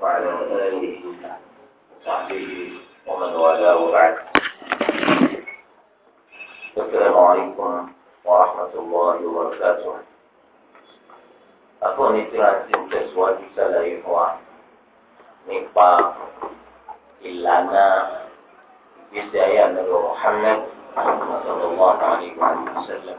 وعلى آله وصحبه ومن والاه وبعد السلام عليكم ورحمة الله وبركاته أكون إترانسي تسوى سلاي فوان نقبع إلانا بداية نبي محمد صلى الله عليه وسلم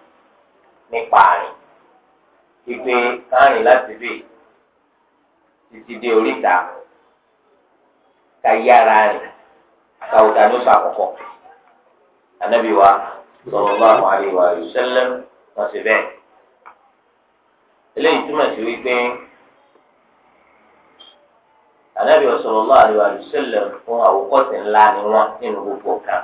nípa àrìn pípé kárìn láti bè títí dé oríta ká yára rìn àkàwùtà ló sàkọ́kọ́ ànábì wa sallallahu alaihi wa sallam wọn sì bẹ́ẹ̀ eléyìí túmọ̀ sí wípé ànábì wa sallallahu alaihi wa sallam fún àwòkọ́sí ńlá ni wọ́n nínú gbogbo kan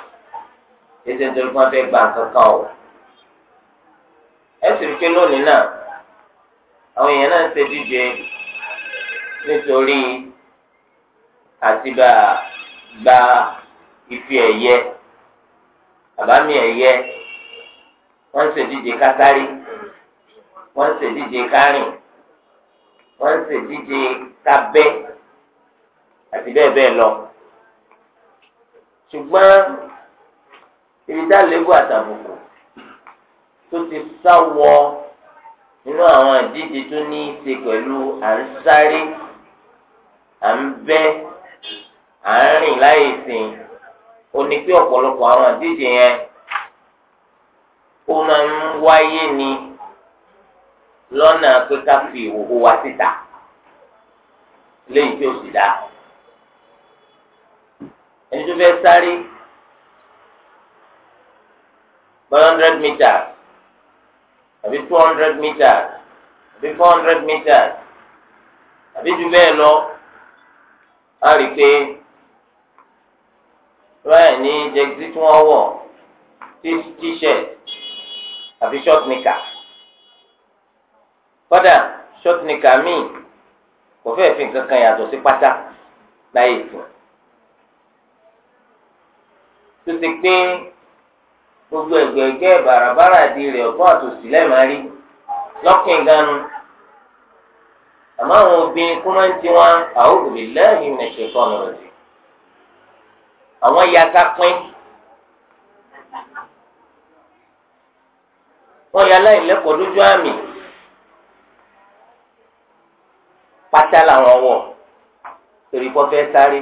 ètò ìtòlú kan fẹ́ gba nǹkan kan o. ẹ sì rí i pé lónìí náà àwọn èèyàn náà ń ṣe díje nítorí àtibá gba ife ẹ̀yẹ àbámi ẹ̀yẹ wọ́n ń ṣe díje kákárí wọ́n ń ṣe díje kárìn wọ́n ń ṣe díje kábẹ́ àti bẹ́ẹ̀ bẹ́ẹ̀ lọ. ṣùgbọ́n ibi tá lébù àtàbùkù tó ti sá wọ nínú àwọn àdíje tó ní í ṣe pẹ̀lú à ń sáré à ń bẹ́ à ń rìn láyè sìn ó ní pé ọ̀pọ̀lọpọ̀ àwọn àdíje yẹn ó máa ń wáyé ni lọ́nà pé ká fi ìhòhò wa síta léyìí tí ó sì dáa ẹni tó fẹ́ sáré one hundred meters àbí two hundred meters àbí four hundred meters àbí jù bẹ́ẹ̀ lọ á rí i pé báyìí ní jẹ́gísí tí wọ́n wọ̀ t-shirt àbí short nika kódà short nika míì kò fẹ́ẹ́ fi nǹkan kan yàtọ̀ sí pátá láyé ìsìn tó ti pín gbogbo ẹgbẹgbẹ bàràbàrà di rẹ ọgbọn àtòsí lẹẹmarí lọkìn ganu àmọ́ àwọn obìnrin kó máa ń ti wọn a'udhu billahi minash shaitani rajim àwọn yàtá pín wọn yà láì lẹkọọ lójú àmì pátá làwọn wọ torí kọfẹ sáré.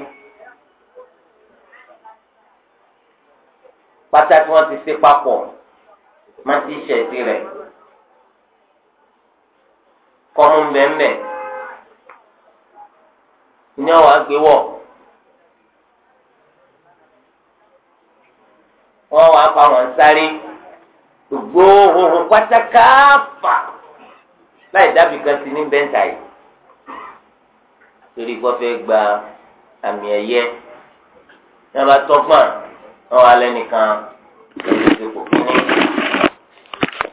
pátá tí wọ́n ti ṣe papọ̀ má ti ṣẹ̀tì rẹ̀ kọ́mú bẹ́ẹ̀nbẹ́ ní ọ̀wá gbé wọ̀ wọ́n wàá pa wọ́n sáré gbogbo ohun pátákà fà láì dábì kan sí ní bẹ́ńtà yìí torí kọ́ fẹ́ gba àmì ẹ̀yẹ ní a bá tọ́gbọ́n wọn wà lẹ́nìkan lóṣù kò kíní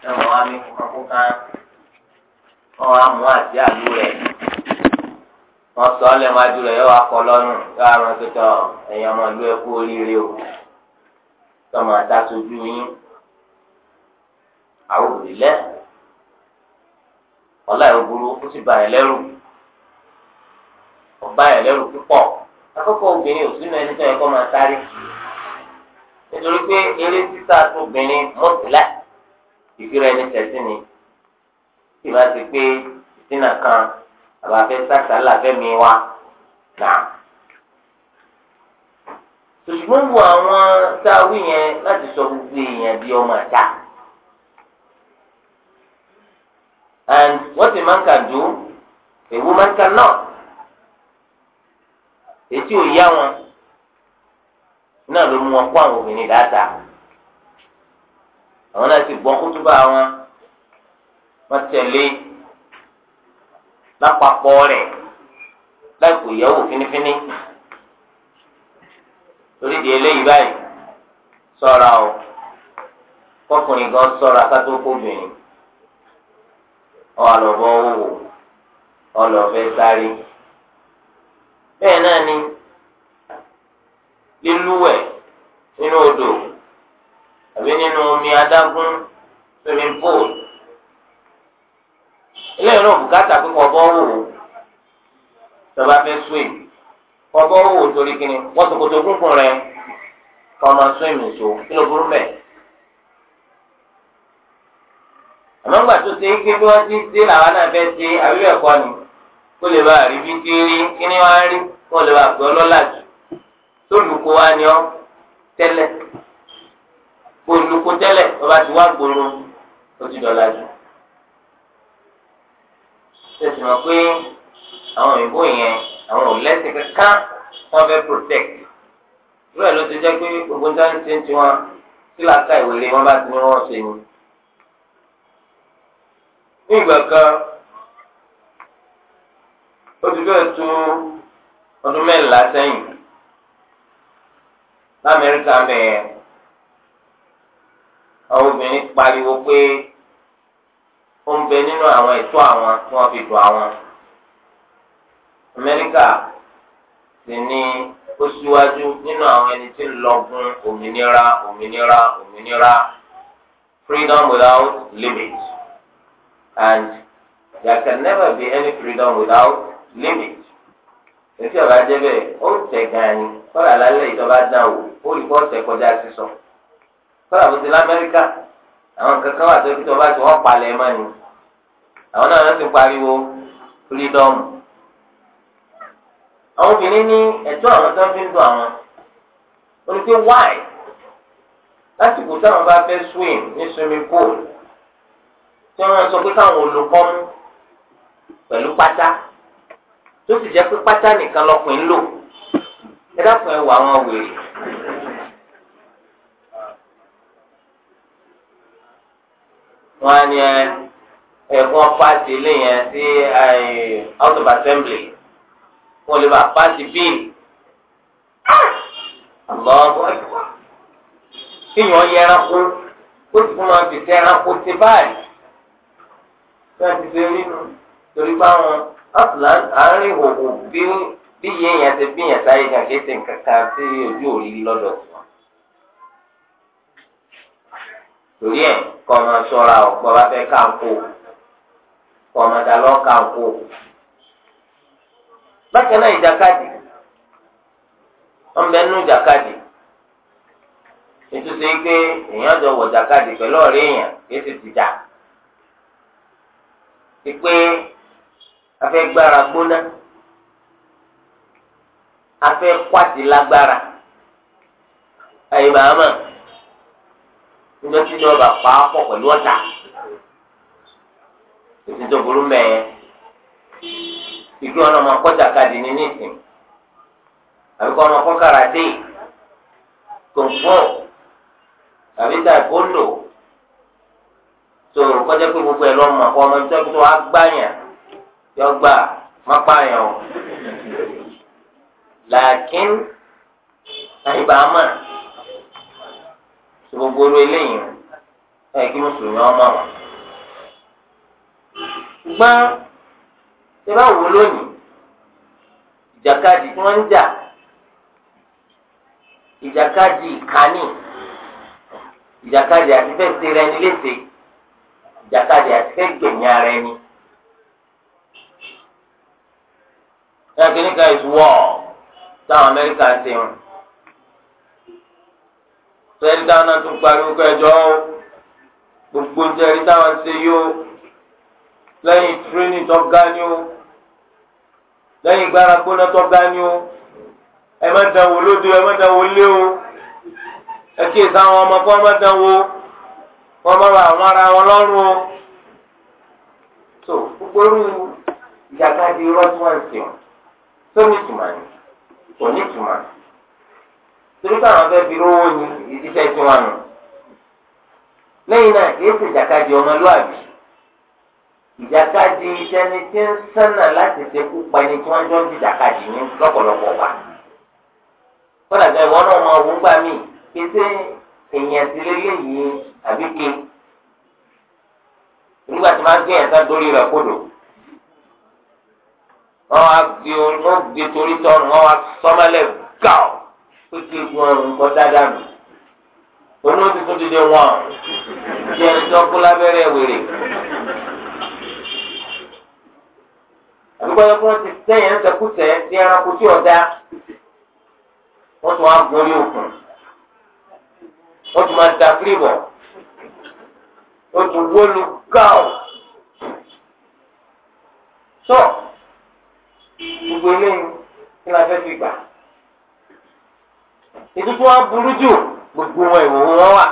ẹwọn wà mí kúkankúka wọn wà mú àti àlù rẹ wọn sọ ọ lẹ́nu adúlọ yóò wá kọ lọ́rùn yóò àrùn tuntun ẹ̀yìn ọmọ ìlú ẹkú oríire o tọmọ àtàtúndú yín àwọn òbílẹ ọlá ìwọ burú ó sì bà ẹ́ lẹ́rù ọba ẹ́ lẹ́rù púpọ̀ akókò obìnrin ò sínú ẹni tó yẹ kó máa sáré kìí nítorí pé eré títà tó obìnrin mọ́tìlá ìfira ẹni tẹ̀sí ni tí pé ìsínà kan àbáfẹ́ sàkàlà fẹ́mi wa nà. ṣùgbọ́n wo àwọn sáwí yẹn láti sọ gbogbo èèyàn bíi ọmọ àjà. and what a man can do a woman cannot. ètí ò yá wọn. náà ló mú wọn kó àwọn obìnrin dáadáa àwọn náà ti gbọ́ kútúbà wọn wọ́n tẹ̀lé lápapọ̀ rẹ̀ láìpò ìyàwó fínífíní di eléyìí báyìí ṣọ́ra o kọkùnrin gan ṣọ́ra kátó kóbìnrin ọ̀lọ́bọ̀ owó sáré bẹ́ẹ̀ náà ni. lílúwẹ̀ nínú odò àbí nínú omi adágún swimming pool eléyìí náà bùkátà pé kọ̀ọ̀bọ̀ wò ó sọba fẹ́ swim kọ̀ọ̀bọ̀ wò ó torí kíni wọ́n gúngùn rẹ kọ́ọ̀mà swim nìṣó kí ló burú bẹ́ẹ̀. àmọ́ tó ṣe bí tólùkó wa ni ọ tẹ́lẹ̀ olùkó tẹ́lẹ̀ ọba ti wá gbòòrò ó ti dọ̀la jù tẹsí ma pé àwọn òyìnbó yẹn àwọn òlẹ́sìn kankan wọ́n fẹ́ protect ìwé ló ti jẹ́ pé gbogbo níta ń ṣe ń tiwọn tí làákà ìwéré wọn bá ti ní wọ́n ṣe ni. ní ìgbà kan ó ti fẹ́ tu ọdún mẹ́rìnlá sẹ́yìn lamẹ́ríkà bẹ́ẹ̀ àwọn obìnrin pariwo pé ó ń bẹ nínú àwọn ẹ̀tọ́ àwọn tí wọ́n fi dùn àwọn amẹ́ríkà sì ní ó síwájú nínú àwọn ẹni tí ń lọ́gùn òmìnira òmìnira òmìnira freedom without limit and there can never be any freedom without limit ètò ìbàjẹ́ bẹ́ẹ̀ ó tẹ̀ gan-an ni kọ́lá lálẹ́ ìjọba dán wò ó rí bọ́ọ̀sì ẹ̀kọ́já sísọ kọ́lá bó ti lamẹ́ríkà àwọn kankan wà tó fi tọ́ba tí wọ́n palẹ̀ mọ́ ni àwọn náà ti pariwo fírídọ́ọ̀mù àwọn obìnrin ní ẹ̀tọ́ àwọn tó ń fi ń dùn àwọn onípe wáì lásìkò táwọn bá fẹ́ swim ní swimming pool tí wọ́n sọ pé káwọn olùkọ́ pẹ̀lú pátá tó sì jẹ́ pé pátá nìkan lọ́kùnrin lò ẹ dákun ẹ wọ àwọn wèrè. wọ́n á ní ẹ̀gbọ́n pàṣẹ ilé yẹn sí house of assembly wọ́n lè bá pàṣẹ bíìlì. àlọ́ kíyàn yẹ ẹranko ó sì fún wọn fìtẹ́ ẹranko ti báyìí. bí wọ́n ti ṣe nínú torí báwọn àárín òkú bí bí iye yẹn ti bí yẹn sáyé gan kí ṣe nǹkan kan tí ojú òrìrì lọ́dọ̀ sí torí ẹ̀ kọ́ ọmọ sọ́ra ọ̀pọ̀ bá fẹ́ ká ń kó kọ́ ọmọ dá lọ́ ká ń kó. bákan náà ìjàkadì ìjàkadì nítorí ti a gbára afẹ́ kwati lágbára ẹ̀yin bàámà níjọ́ tí ní ọba pa pọ̀ pẹ̀lú ọ̀tá èsì tó burú mẹ́ẹ̀ ìgbé ọ̀nà ọmọ akọ́jà kadì ní nísìn àbí kọ́ ọmọ kọ́kàrà dé kòǹfọ̀ àbí taekwondo tó kọjá pé gbogbo ẹ̀ lọ́mọ ọmọ ìjọba tó wá gbàyàn yọ gbà má pààyàn o làákín àìbámà tí gbogbo orú eléyìí ẹ kí mùsùlùmí ọmọ wọn. ṣùgbọ́n ṣé bá wò lónìí ìjàkadì tí wọ́n ń jà ìjàkadì ìkànnì ìjàkadì àti fẹ́ ṣe rẹni léṣe ìjàkadì àti fẹ́ gbẹ̀yìn ara ẹni. ẹ kìíní kan is táwọn amẹ́ríkà ti hàn sẹ́ńtà náà tún pariwo kẹjọ gbogbo jẹ́rí táwọn ṣe yóò lẹ́yìn tó ga ni ó lẹ́yìn gbára tó ga ni ó ẹ má dán wò lóde ẹ má dán wò lé o ẹ kíyè sáwọn ọmọ ẹ má dán wò wọn má bà wọn ara wọn lọ́rùn o tó ìjàkadì ń kò tuma, ìtumọ̀ torí káwọn fẹ́ fi rówó ni ìdíṣẹ́ tí wọ́n nù lẹ́yìn náà kìí ṣe ìjàkadì ọmọlúwàbí ìjàkadì ìṣẹ́ni tí ń sánà láti tí wọ́n jọ ń ní lọ́pọ̀lọpọ̀ wa náà mí wọn wá gbé wọn gbé torí tọrùn wọn wá sọmọlẹ gàù ó ti gun ọrùn kọ dáadáa nù olóò ti tún dídé wọn jẹ ìtọ́kú lábẹ́rẹ́ wèrè. àbíkọ́ yẹ kí wọ́n ti sẹ́yìn ń sẹ́kúsẹ́ sí ẹranko tí ọ̀dá wọ́n tún wá gorí òkun wọ́n tún máa da fílìbọ̀ wọ́n tún wọ́lu gáù. So gbogbo eléyìí kí la fẹ́ fi gbà. ìtútù wọn burú jù gbogbo wọn ìwòwò wọn wà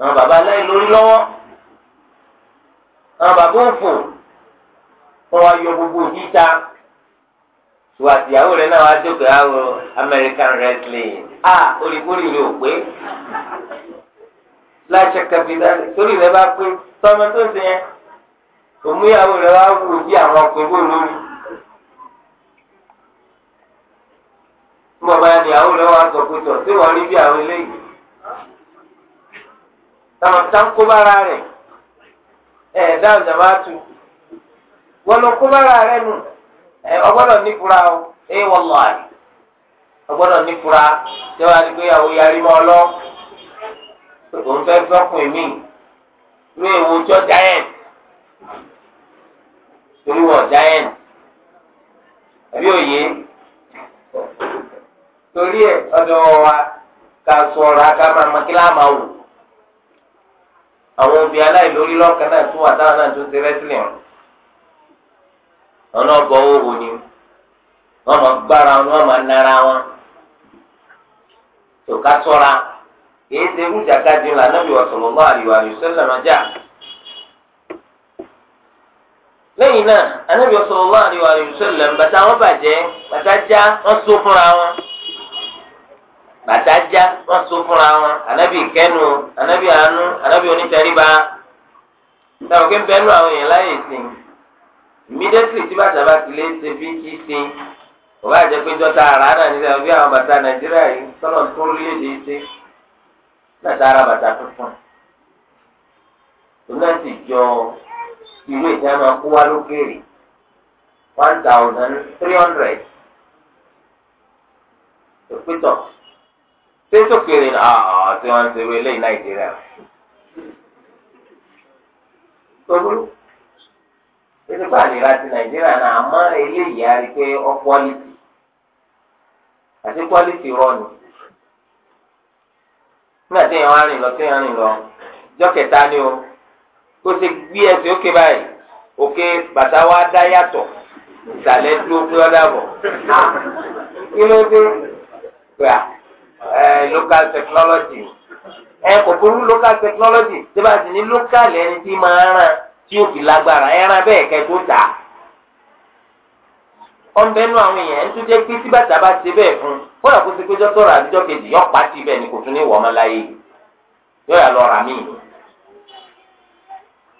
àwọn bàbá aláì lórí lọ́wọ́ àwọn bàbá òfò wọn wá yọ gbogbo òjìjà ìwà àtìyàwó rẹ náà wá jókòó àwọn American wrestling ah olùkórìí rẹ ò pé láṣẹ kẹfìdá torí rẹ bá pé tọmọ tó ń sèyẹn òmùyàwó rẹ wá wù bí àwọn ọkùnrin bò lórí. mo bá ní àwọn pẹtọ tí wọn rí bí àwọn eléyìí táwọn ń rẹ ẹ tu wọn lọ rẹ nù ẹ ọgbọ́dọ̀ nífura o ẹ wọn lọ àyè ọgbọ́dọ̀ nífura tí wọn adi pé yarí mọ lọ òun fẹẹ fọkùn mí ní torí ẹ ọ̀dọ̀ wa ká ṣọ́ra ká máa ma kí láà máa wò àwọn obìnrin aláìlórí lọ́kàn náà tún wà táwọn náà tún ṣe wọn owó ni wọ́n máa gbára wọn wọ́n máa nara wọn tó ká sọra kìí ṣe irú jàkadì ńlá náà yóò sọ̀rọ̀ lọ́wọ́ àríwá máa jà. lẹ́yìn náà lọ́wọ́ àríwá bàtà já wọn so fúnra wọn anabi kẹnu anabi àánú anabi onítẹríba táwọn kí n bẹnu àwọn èèyàn láyè sí immediately tí bàtà bá ti lé ṣe bí kí ṣe kò bá jẹ pé jọta ara náà nílẹ̀ bí àwọn bàtà nàìjíríà yìí sọlọ tó lórílẹ̀-èdè ṣe bàtà ara bàtà tuntun òun náà sì jọ ìwé ìtẹ́ máa kó wá lókèrè one thousand three hundred òpétọ̀ ṣé sókèrè náà ọ̀ ah, ah, tí wọ́n ń ṣe wọlé nàìjíríà tóbulú títí bá nira ti nàìjíríà náà àmọ́ eléyìí á rí i pé ọ kwọ́lìtì àti kwọ́lìtì rọ́ọ̀nù nígbà tí èèyàn á rìn lọ tí èèyàn rìn lọ jọ́ kẹta ni o kó ṣe gbé ẹsẹ̀ òkè báyìí òkè bàtà wa dá yàtọ̀ ìsàlẹ̀ dúró pé ọ dàbọ̀ ah, kí ló dé gbà. ẹ eh, local technology ẹ kò burú local technology tí bá ti ní local ẹni tí máa ràn tí ó fi lágbára ẹran bẹ́ẹ̀ kẹ́ tà á. nu àwọn èèyàn ń jẹ́ pé bàtà bá ṣe bẹ́ẹ̀ fún un kódà kó rà kejì yọ pàtì bẹ́ẹ̀ ni kò tún ní wọ́n láyé yóò yà lọ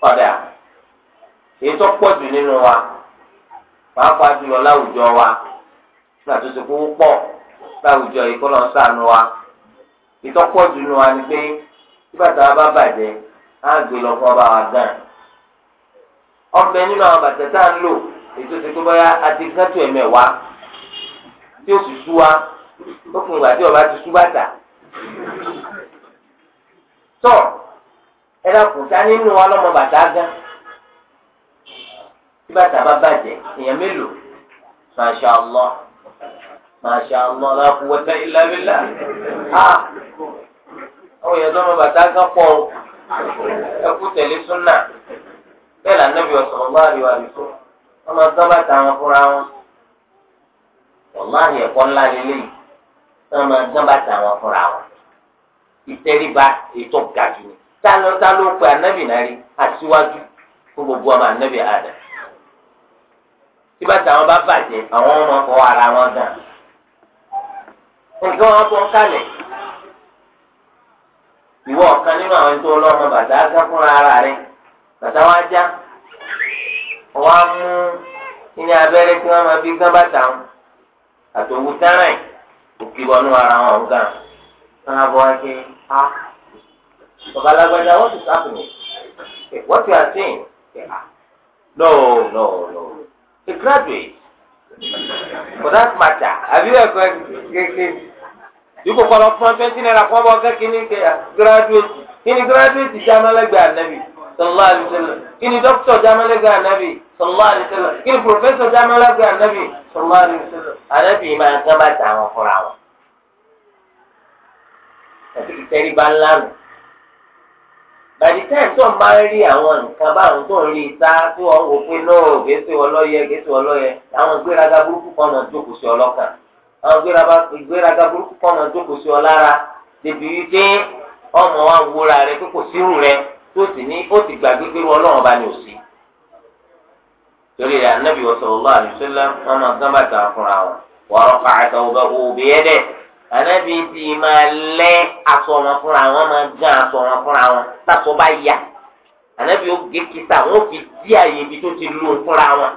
rà ọ̀dà wa pàápàá jùlọ láwùjọ wa láwùjọ yìí kọ́ lọ́ sànù wa ìtọ́pọ̀ dùnú wa ni pé tí wa bá bàjẹ́ á gbé lò ètò ti àti gátù ẹ̀mẹ̀ wa tí ó sì sú wa ó fún ìgbà tí ọba ti sú bàtà. tọ́ nínú wa lọ́mọ bàtà masha allah la quwwata illa billah ha àwọn èèyàn tó ọmọ bàtà kan pọ̀ o ẹkú tẹ̀lé súnà bẹ́ẹ̀ là nẹ́bí ọ̀sán ọba àríwá àríwá ọmọ tó bàtà wọn fúnra wọn wàláhì ẹ̀kọ́ ńlá lélẹ́yìí ọmọ tó bàtà wọn fúnra wọn ìtẹríba ètò gàdú tálọ́ tálọ́ pé ànábì náà rí aṣíwájú fún gbogbo ọmọ ànábì àdá tí bàtà wọn bá bàjẹ́ àwọn ọmọ kọ́ ara wọn dàn. nǹkan wọn bọ́ kálẹ̀ ìwọ ọ̀kan nínú àwọn ètò ọlọ́mọ bàtà á fúnra ara rẹ bàtà wọn ajá wọn á mú ilé abẹ́rẹ́ tí wọ́n máa fi gán bàtà wọn àtòwú tẹ́rẹ̀ òkè wọnú ara wọn gan wọn á bọ́ ake á bàbá alágbájá wọ́n ti sáfìmì wọ́n ti àtẹ̀yìn lọ́ọ̀ lọ́ọ̀ lọ́ọ̀ a graduate. kò dá màtà àbí ẹ̀kọ́ kékeré yíkò kọlọ fún ọ twenty naira fún ọbọ kẹ kíni graduate kíni graduate jẹ amálẹ́gbẹ̀ ànábì sallallahu alaihi wasallam kíni doctor jẹ amálẹ́gbẹ̀ ànábì sallallahu alaihi wasallam kíni professor jẹ amálẹ́gbẹ̀ ànábì sallallahu alaihi wasallam ànábì yìí máa ń kán bá tà wọn fúnra wọn. àti ìtẹ́ríba ńlá nù. bàdí táyì tó ń bá rí àwọn nǹkan báwọn tó ń rí ìta tí wọn wò pé náà gèsè ọlọ́yẹ gèsè ọlọ́yẹ àwọn gbéraga burúkú kan máa jókòó sí àwọn gbéraga burúkú kan jókòó sí ọlára wípé ọmọ wa wúra rẹ pé kò sírù rẹ tó sì ní ó ti gbàgbé pé bá ní òsì. torí wọn máa gán bàtà fúnra ànábi ti máa lẹ aṣọ wọn fúnra wọn máa gán aṣọ wọn fúnra wọn tásọ bá yá ànábi ó gé kíta wọn ó fi dí àyè ibi tó ti lò fúnra wọn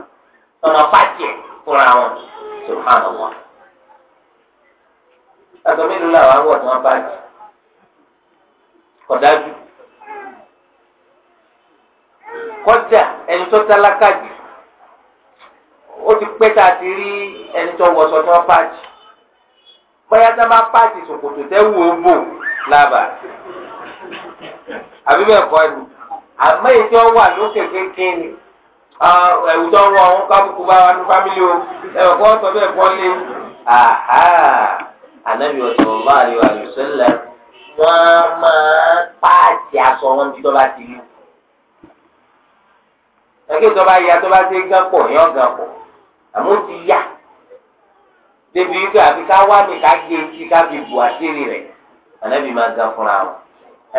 ọmọ pàtì fúnra wọn sọfàn wọn. aṣọ mélòó làwọn awọ tí wọn bá jù kọdájú kọjá ẹni tó tálákà jù ó ti pẹ́ tá a ti rí ẹni tó wọṣọ tí wọ́n bá bóyá tí wọ́n bá pààtì sòkòtò tẹ́wù òbò lába àbí bẹ́ẹ̀ kọ́ ni àmọ́ èyí tí wọ́n wà lókè kékeré ni ẹ̀wù tó ń wọ àwọn kábùkù bá wa ní fámílì o ẹ̀wọ̀n kọ́ sọ bẹ́ẹ̀ kọ́ lé àhá ànábì sallallahu alaihi wasallam wọ́n máa pààtì aṣọ wọn bí tọ́ba ti lù ẹgbẹ́ tọ́ba ya tọ́ba ti gán pọ̀ yán gán pọ̀ àmọ́ ti yá débi wípé àfi ká wá mi ká gé etí ká fi bu àṣírí rẹ̀ ànábì máa gan fúnra wọn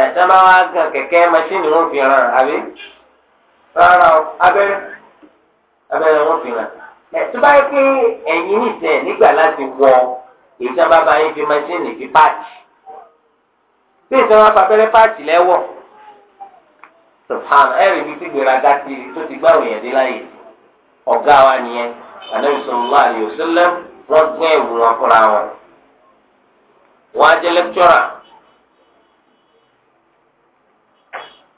ẹ̀sán máa wá gan kẹ̀kẹ́ mẹṣíìnì wọn fi hàn àbí rárá o abẹ́rẹ́ abẹ́rẹ́ wọn fi hàn ẹ̀ tó bá yẹ pé ẹ̀yin nìsẹ̀ nígbà láti wọ ìjọba bá yín fi mẹṣíìnì fi páàtì bí ìjọba bá abẹ́rẹ́ páàtì lẹ́wọ̀ subhana ẹ̀rì bíi ti gbéraga ti tó ti gbáwò yẹn dé láyè ọ̀gá wa nìyẹn ànábì sallallahu alaihi wasallam wọ́n pín ẹ̀wù wọn fúnra wọn. wọ́n á jẹ́ lẹ́kítọ́rà.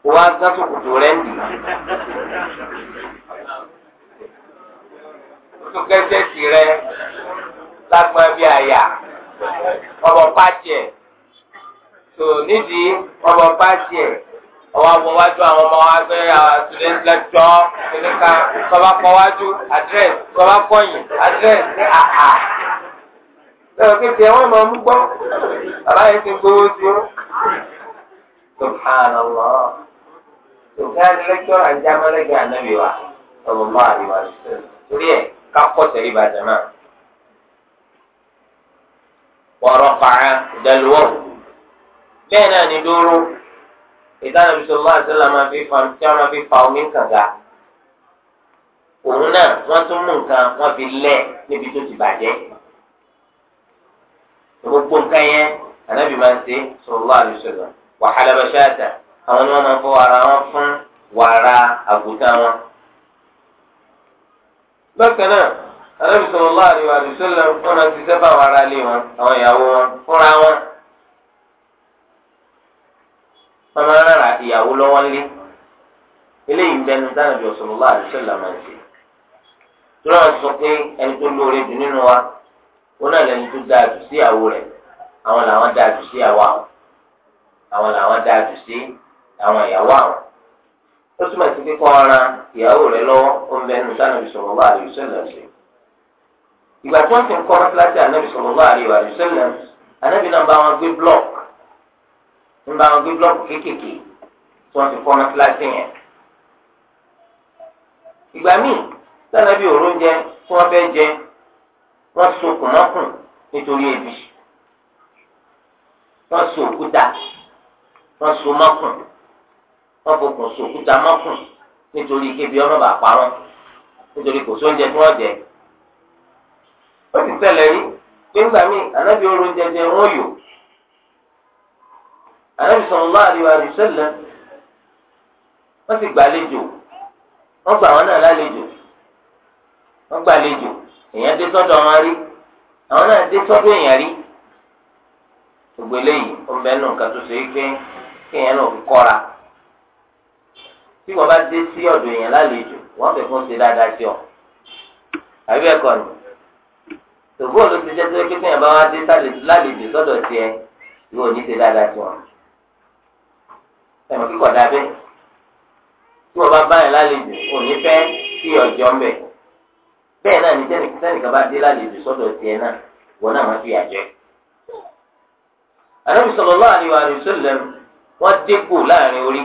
wọ́n á gán sòkòtò rẹ̀ ń dì. tó kẹ́sẹ̀ sí rẹ̀ lágbọ́n bí àyà ọ̀bọ̀ pàṣẹ. tò nídìí ọ̀bọ̀ pàṣẹ. ọwọ́ bọ̀ wájú àwọn ọmọ wa àtúndé lẹ́tọ́ kíníkà sọba kọ wájú àdírẹ́sì sọba kọyìn àdírẹ́sì ní àhà. lọ́wọ́ kékeré wọ́n máa mú gbọ́ bàbá yìí ti gbowó sí ó. subhanallah subhan lẹ́tọ́ àjámọ́lẹ́gẹ́ ànábì wa ọ̀bùn bá àríwá torí ẹ̀ kápọ̀ tẹ̀lé ìbàdàn náà. wọ́n rọ̀ bẹ́ẹ̀ náà ìdáná bisọ máa sẹlẹ máa fi fa tí wọn máa fi fa omi nǹkan ga òun náà wọn tún mú nǹkan wọn fi lẹ níbi tó ti bàjẹ́ gbogbo nǹkan yẹn ànábì máa ń ṣe sọlá àlùsọlá wàhálà bàṣẹ àtà àwọn ni wọn máa ń fọ ara wọn fún wàrà àgùntàn wọn. bákan náà ànábì sọlá àlùsọlá wọn máa ti sẹ́fà wàrà lé wọn àwọn ìyàwó wọn fúnra wọn bàbá rárá ìyàwó lọ́wọ́ ńlẹ́ eléyìí ń bẹnu dáná bí ọ̀sọ̀rọ̀lá àdúṣẹ́lá máa ń ṣe tóra wọn sọ pé ẹni tó lóore jù nínú wa ó náà lẹni tó dáa jù sí ìyàwó rẹ̀ àwọn làwọn dáa jù sí àwa àwọn làwọn dáa jù sí àwọn ìyàwó àwọn ó túmọ̀ sí pé kọ́ ara ìyàwó rẹ̀ lọ́wọ́ ó ń bẹnu dáná bí ọ̀sọ̀rọ̀lá àdúṣẹ́lá ṣe ìgbà tí wọ́n ti ń kọ́ mọ́tíláṣí ànábì ń bá wọn gbé blọọkù kéékèèké tí wọn ti fọ́ mọ́síláṣí yẹn. ìgbà míì sára bíi òró oúnjẹ tí wọ́n fẹ́ jẹ wọ́n sokùn mọ́kùn nítorí ebi wọ́n so òkúta wọ́n so mọ́kùn wọ́n fokùn so òkúta mọ́kùn nítorí kébi ọmọ bàá parọ́ nítorí kò sóúnjẹ tí wọ́n jẹ ó sì ṣẹlẹ̀ rí pé ńgbà míì ànábì òró oúnjẹ jẹ wọ́n yòó. Ànábì sallallahu alaihi wa sallam wọ́n sì gbàlejò wọ́n gbà wọn náà lálejò wọ́n gbàlejò èèyàn dé sọ́dọ̀ wọn rí àwọn náà dé sọ́dọ̀ èèyàn rí gbogbo eléyìí ó ń bẹ nù nǹkan tó ṣe é pé kéèyàn náà fi kọ́ra tí wọ́n bá dé sí ọ̀dọ̀ èèyàn lálejò wọ́n fẹ́ fún ṣe dáadáa sí ọ àbí ẹ̀kọ́ ni tòbó ló ti jẹ́ pé kéèyàn bá wá dé lálejò sọ́dọ̀ tiẹ̀ yóò ní ṣe dáadáa sí wọn ẹ̀mọ̀ kíkọ̀ dábẹ́ tí wọ́n bá báyìí lálejò òní fẹ́ kí ọjọ́ ń bẹ̀ bẹ́ẹ̀ náà ní sẹ́nì sẹ́nìkan bá dé lálejò sọ́dọ̀ tiẹ̀ náà wọ́n náà wọ́n fi àjẹ́. Ànábì sallallahu alaihi wa sallam wọ́n dínkù láàrin orí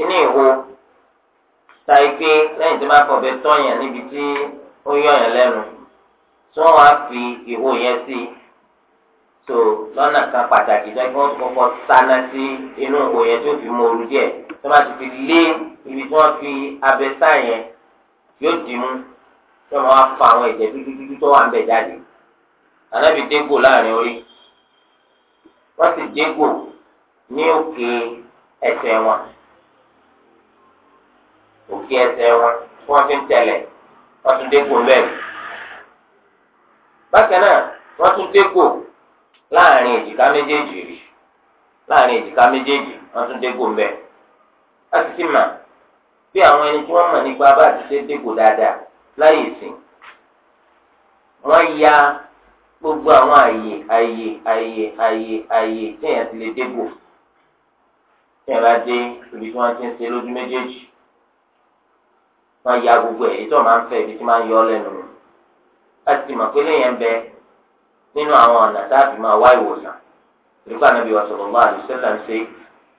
inú ìwo ta ike lẹ́yìn tí wọ́n bá fọ̀bẹ tọ́yàn níbi tí ó yọ̀yàn lẹ́nu tí wọ́n wá fi ìwo yẹn sí tó lọ́nà kan pàtàkì jẹ́ kí wọ́n kọ́kọ́ sáná sí inú òkò yẹn tó fi mú ooru díẹ̀ tó bá ti fi lé ibi tí wọ́n fi abẹ sá yẹn yóò dì mú tí wọ́n máa fa àwọn ẹ̀jẹ̀ dúdúdúdú tó wà ń bẹ̀ jáde ànábì dégò láàrin orí wọ́n sì dégò ní òkè ẹsẹ̀ wọn òkè ẹsẹ̀ wọn tí wọ́n fi ń tẹ̀lẹ̀ wọ́n tún dégò ń bẹ̀ bákan náà wọ́n tún dégò láàrin èjìká méjèèjì rí láàrin èjìká méjèèjì wọn tún dégò ń bẹ láti ti mà bí àwọn ẹni tí wọn mọ nípa bá ti ṣe dégò dáadáa láyè ìsìn wọn ya gbogbo àwọn àyè àyè àyè àyè àyè téèyàn ti lè dégò téèyàn bá dé ibi tí wọn ti ń ṣe lójú méjèèjì wọn ya gbogbo ẹ ètò máa ń fẹ ibi tí máa ń yọ ọ lẹ́nu láti ti mà pé lẹ́yìn ẹ ń bẹ. nínú àwọn ọ̀nà táàbì máa wá ìwòsàn nípa nàbí wa sọ̀rọ̀ máa lùsẹ̀ náà ṣe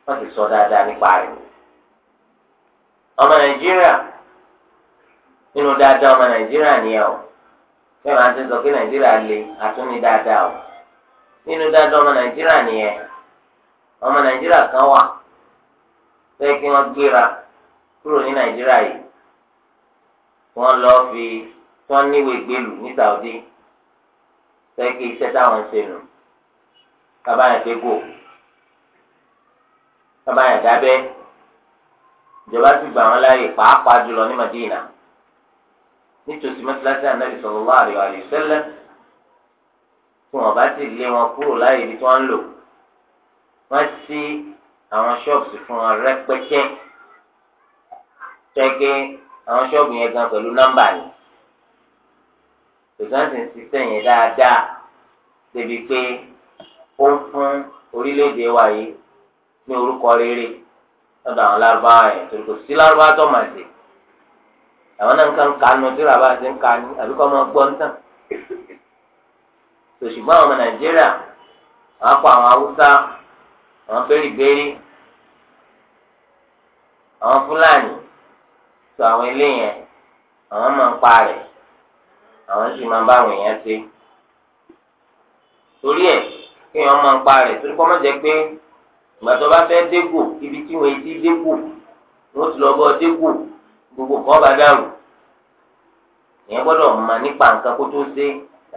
wọ́n ti sọ dáadáa nípa rẹ̀. ọmọ nàìjíríà nínú dáadáa ọmọ nàìjíríà nìyẹn o fẹ́ẹ́ máa ti sọ pé nàìjíríà le àtúnni dáadáa o nínú dáadáa ọmọ nàìjíríà ọmọ nàìjíríà kan wà kí wọ́n gbéra kúrò ní nàìjíríà yìí wọ́n lọ fi níwèé gbèlú ní sẹ́kì iṣẹ́ táwọn ń ṣe nù bàbá yẹn dé gò bàbá yẹn dábẹ́ ìjọba ti gbà wọn láàyè pàápàá jùlọ ní Madina nítòsí mọ́tíláṣí ànábì sallallahu alaihi wasallam tí wọ́n bá ti lé wọn kúrò láàyè ibi tí wọ́n ń lò wọ́n sí àwọn ṣọ́ọ̀bù fún wọn rẹpẹtẹ tẹ́gẹ́ àwọn ṣọ́ọ̀bù yẹn gan pẹ̀lú nọ́mbà yìí ṣùgbọ́n sì ń ṣiṣẹ́ yẹn dáadáa débi pé ó ń fún orílẹ̀-èdè wa yìí ní orúkọ rere lọ́dọ̀ àwọn lárúbáwá yẹn torí kò sí lárúbáwá tó máa ṣe àwọn náà ń kàn ká nu tí ràbá ṣe ń ka ni àbí kọ́ máa gbọ́ ń tàn ṣùgbọ́n àwọn ọmọ nàìjíríà àwọn akọ àwọn haúsá àwọn bẹ́rìbẹ́rì àwọn fúlàní sọ àwọn ilé yẹn àwọn máa ń pa rẹ̀ àwọn sì máa bá àwọn èèyàn ṣe torí ẹ̀ kí wọ́n máa ń pa rẹ̀ torí kọ́ má jẹ́ pé ìgbà tó bá fẹ́ dégò ibi tí wọ́n ti dégò wọ́n ti lọ bọ́ dégò gbogbo kọ́ bá dàrú èèyàn gbọ́dọ̀ mọ̀ nípa nǹkan kó tó ṣe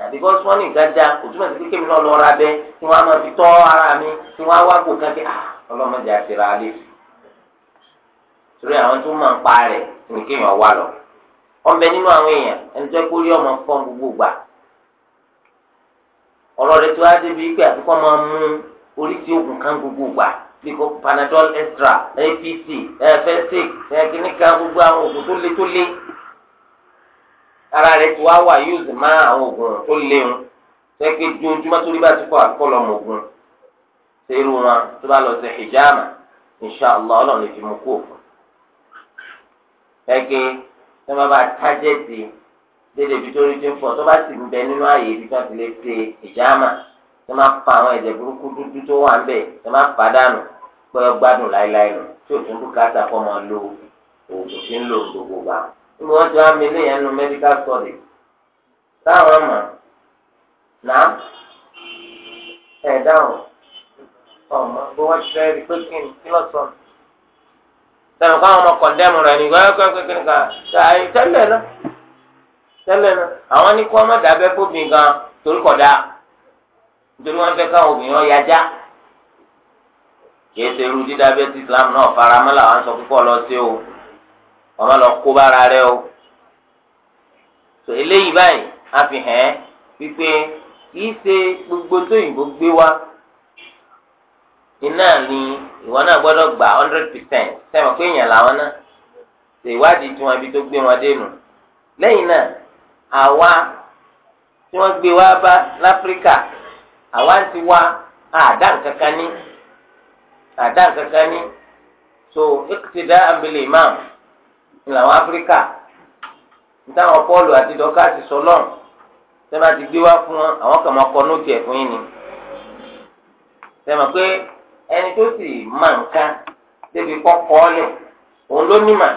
àbí kọ́ sọ́ọ́ nìkan já òtúmọ̀ sí kékeré náà lọ́ọ́ ra bẹ́ tí wọ́n á máa fi tọ́ ara mi tí wọ́n á wá gbò kankan ah, ọlọ́mọdé àti ra alẹ́ torí àwọn tó máa ń pa rẹ̀ nìkéèyàn wà lọ́ọ́. wọn ninu nínú àwọn èèyàn ẹni tó kórè ọmọ fọ́n gbogbo gbà ọ̀rọ̀ rẹ̀ tó wá débi pé àtúkọ́ máa mú oríṣi oògùn kan gbogbo gbà panadol extra apc fesic kìnnì kan gbogbo àwọn oògùn tó lé tó lé ara rẹ̀ tó wá wà yóò sì má àwọn oògùn tó léwu pé tó rí bá ti ṣe irú wọn tó bá lọ sí kú òfin. tí wọ́n bá tájẹ́tì dédé ibi tó rí ti ń fọ tó bá sì ń bẹ nínú ààyè ibi tó ti lè ṣe ìjàmà tí wọ́n máa fa àwọn ẹ̀jẹ̀ burúkú dúdú tó wà ń bẹ̀ tí wọ́n máa fà dànù pé ọ gbádùn láéláé nù tí òtún bùkátà kọ́ máa lo oògùn tí ń lò gbogbo gbà. níbi wọ́n ti wá mi léyìn ẹnu medical study táwọn mọ̀ náà ẹ̀ dáhùn ọmọ bó wọ́n ti rẹ́ rí pé kí ni kí lọ́sọ̀rọ̀ sẹ́nu kọ́ àwọn ọmọ kọ̀ndẹ́mù rẹ̀ ní gbẹ́gbẹ́gbẹ́ nìkan ṣàì tẹ́lẹ̀ náà tẹ́lẹ̀ náà àwọn ní kó ọmọ dàbẹ́ fóbìn gan torí kọ̀dá nítorí wọ́n fẹ́ káwọn obìnrin ọ̀ya já kìí ṣe irú dídábẹ́ tí Islam náà faramọ́ làwọn sọ púpọ̀ lọ sí o ọmọ lọ kó bára rẹ o tò eléyìí báyìí a fi hàn ẹ́ wípé kìí ṣe gbogbo tóyìnbó gbé wá iná ni ìwọ náà gbọ́dọ̀ gba hundred percent sẹ́mi pé èèyàn làwọn náà ṣe ìwádìí tí wọn ibi tó gbé wọn dé nù lẹ́yìn náà àwa tí wọ́n gbé wá bá láfíríkà àwa ti wá àdá nǹkankan ní àdá nǹkankan ní so iqtida ambele imam làwọn áfíríkà nítawọn pọ́ọ̀lù àti dọ́kàtì sọlọ́n sẹ́mi àti gbé wá fún wọn àwọn kan máa kọ nóòtì ẹ̀ yín ni sẹ́mi pé. ẹni tó sì mọ nǹkan débi kọ́kọ́ òun ló nímà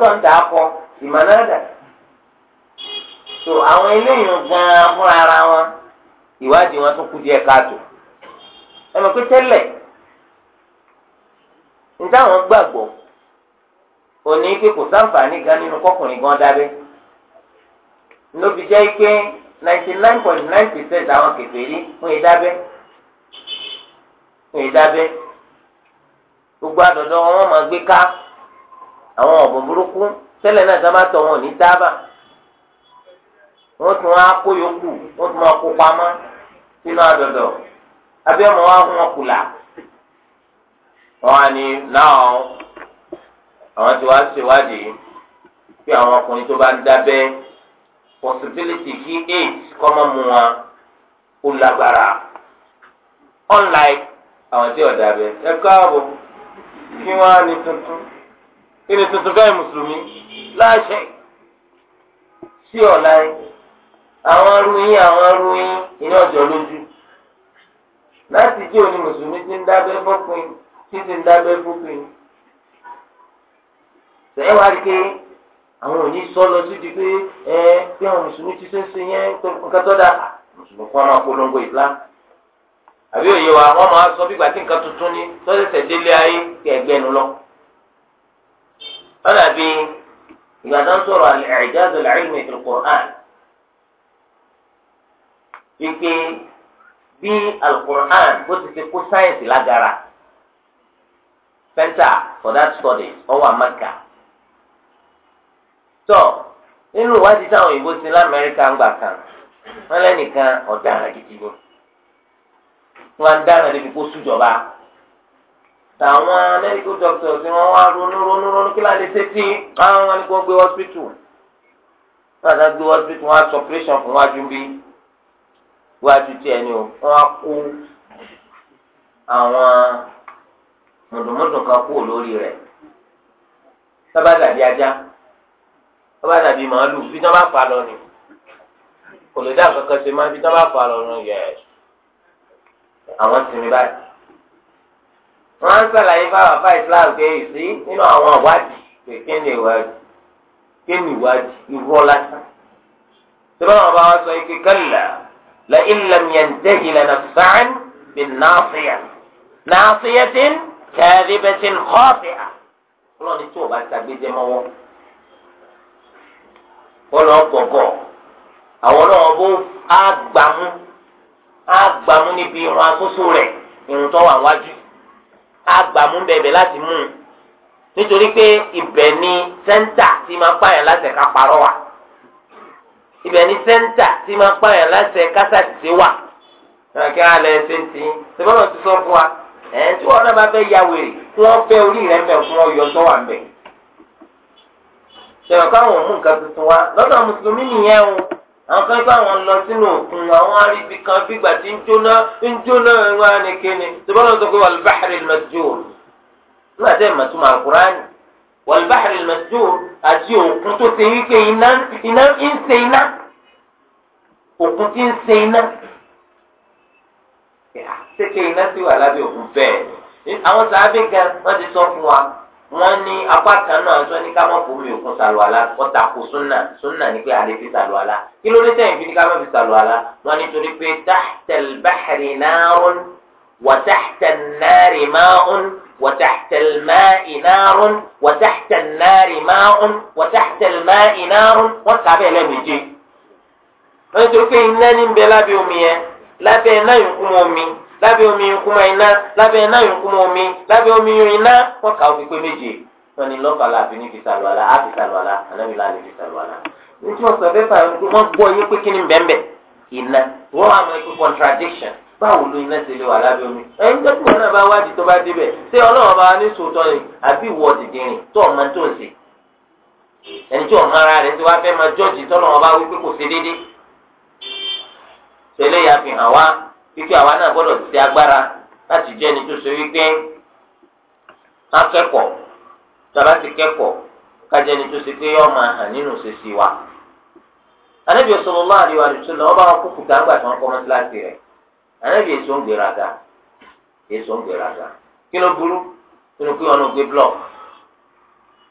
tó ń dà á kọ àwọn eléyìí gan fúnra ara wọn ìwádìí wọn kú káàtó pé níta òní pé kò sáǹfààní gan nínú kọkùnrin gan jẹ́ pé ninety nine point nine fún ìdábẹ́ gbogbo àdọ̀dọ̀ wọn máa gbé ká àwọn ọ̀bùn burúkú tẹ́lẹ̀ náà sábà wọn ní dábà wọ́n tún á kó yòókù wọ́n tún á kó pamọ́ sínú àdọ̀dọ̀ abẹ́mọ̀ wa hún wọn wọn á ní náà àwọn tí wàá ṣèwádìí pé àwọn ọkùnrin tó bá ń dábẹ́ possibility kí aids kọ́ mọ́ mu wọn ó lágbára unlike àwọn tí ọ̀dà bẹ ẹ káàbọ̀ kí wọ́n á ní tuntun kí ni tuntun bẹ́ẹ̀ mùsùlùmí láṣẹ sí ọ̀la yìí àwọn arúyìn àwọn arúyìn ìní ọ̀jọ̀ lójú láti jẹ́ òní mùsùlùmí ti ń dábẹ́ fọ́pin tí ti ń dábẹ́ fọ́pin sẹ́yìn wá rí pé àwọn òní sọ lọ sí di pé ẹ bí àwọn mùsùlùmí ti ṣe ń ṣe yẹn nǹkan tó àbí òye wa wọn máa sọ bígbà tí nǹkan tuntun ní tọ́sẹ̀sẹ̀ délé ayé ti ẹgbẹ́ nu lọ. wọn àbí ìgbà tó ń sọ̀rọ̀ al-i'jaz al-'ilmi fi wípé bí al bó ti ti kó sáyẹ̀nsì lágara center for that study ọwọ́ àmàkà. tọ́ nínú ìwádìí táwọn òyìnbó ti ní Amẹ́ríkà ń gbà kan wọ́n lẹ́nìkan ọ̀daràn gidi ni wọn dáná níbi kó sújọba tàwọn medical doctors ni wọn wá ronú ronú ronú kí láti ṣe tí àwọn wọn ni kò gbé hospital wọn àti gbé hospital wọn àti operation fún wájú bí wájú tí ẹni o wọn á kó àwọn mùdùmùdù kan kú lórí rẹ̀ sábà dàbí ajá sábà dàbí màálù bí wọn bá fà lọ ni kò lè dá nǹkan ṣe má bí wọn bá fà lọ ni yẹn. àwọn sinmi báyìí wọ́n ń sàlàyé á gbàmú níbi irun akóso rẹ̀ irun tó wà wájú á gbàmú bẹ̀bẹ̀ láti mú un nítorí pé ibẹ̀ ni sẹ́ńtà tí máa pààyàn láti ẹ̀ka parọ́ wà ibẹ̀ ni sẹ́ńtà tí máa pààyàn láti ẹ̀ka sàtìsí wà kí á lẹ ṣe ń tì í ṣùgbọ́n ti sọ fún wa ẹ̀ tí wọ́n náà bá fẹ́ ya wèrè kí wọ́n fẹ́ orí rẹ̀ mẹ́ fún ọyọ tó wà mẹ́ ṣèwọ̀n káwọn ò nǹkan tuntun wa lọ́dọ̀ mùsùlùmí nìyẹn o àwọn kan bá wọn lọ sínú òkun àwọn aríbi kan fìgbà tí ń jóná ń jóná ẹ̀rọ anìkéni tọ́ba lọ́n sọ pé wàlúbáhárì lọ́jọ́ nígbà tẹ́ ìmọ̀ tó máa kúránì wàlúbáhárì lọ́jọ́ àti òkun tó ṣe wípé iná iná ń ṣe iná òkun tí ń ṣe iná ṣé kí iná sì wà lábẹ́ òkun bẹ́ẹ̀ àwọn sàábì gan wọ́n ti sọ fún wa wọn ní apá kan náà sọ ní ká má fomi òkun sàlùwàlà ọ̀tà kò súnà súnà ní pé àlè fi sàlùwàlà kí ló dé sẹ́yìn fi ní ká má fi sàlùwàlà wọn nítorí pé tahtal bahri narun wa tahtan nari ma'un wa tahtal ma'i narun wa tahtan nari ma'un wọn kà bẹ́ẹ̀ lẹ́ẹ̀mejì. wọn nítorí pé iná ní ń bẹ lábẹ́ omi yẹn lábẹ́ iná yòókù omi lábẹ́ omi nkúmọ iná lábẹ́ iná nkúmọ omi lábẹ́ omi iná wọn kà ó pé méje wọn ni lọ́fà láàbí ní fi á fi sọ fẹ́ gbọ́ yín pé kí ni bẹ́ẹ̀ iná ikú contradiction omi ẹ̀yin tó kí wọn náà bá wádìí tó bá débẹ̀ ṣé ọlọ́run bá ní sòótọ́ ni àbí ìwọ tó ọmọ tó ṣe wípé àwa náà gbọ́dọ̀ ti agbára láti jẹ́ ẹni tó ṣe wípé akẹ́kọ̀ọ́ tàbá ti kẹ́kọ̀ọ́ kájẹ́ ẹni tó so pé yọ́ máa hàn nínú ṣèṣì wa. anábìyẹ sọlọ lọ́wọ́ àríwá àdùsọ lọ́wọ́ bá wọn kú kùtà ńgbà tí wọ́n kọ́ mọ́tíláṣí rẹ̀ anábìyẹ sọ ń gbéraga èso ń gbéraga kí ló burú nínú pé wọn ò gbé blọọkì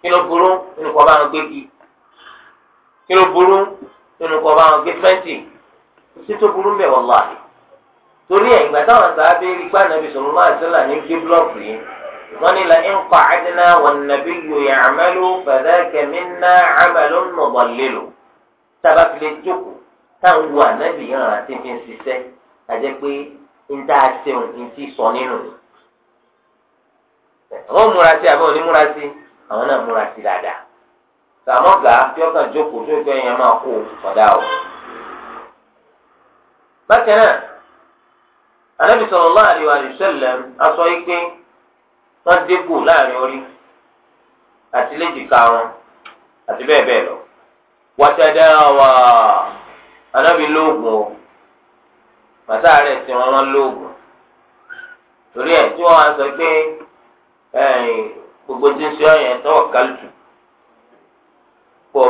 kí ló burú nínú kọ́ bá wọn gbé gi kí ló burú nínú kọ́ bá wọn gbé fẹ́ǹtì sí tó burú mẹ́wàá láàyè torí ẹ̀ ìgbà táwọn sáà béèrè pé ànábì sọ̀rọ̀ máa sọ́là ní kí búlọ́ọ̀kù yìí wọ́n ní la ń àdínà wọn nàbí yòòyà àmàlú fàdákẹ́mí ná àmàlú nùbọ̀lélò tábà fi lè jókòó táwọn wo ànábì yẹn rà ti fi ń ṣiṣẹ́ pé ń dá a sọ nínú ni. àwọn múra sí sí àwọn náà múra sí dáadáa. gà ọkàn jókòó tó yẹn máa kó Ànábì sallallahu alaihi wa aṣọ ikpe wọn ike láàrin orí àti léjìká wọn àti bẹ́ẹ̀ bẹ́ẹ̀ lọ. wọ́tẹ́dẹ́ wà Ànábì lóògùn o màtá rẹ̀ sí wọn wọn lóògùn torí ẹ̀ tí wọ́n á sọ pé gbogbo tí ń ṣe ọ̀yàn tọ́wọ̀ kálùtù pọ̀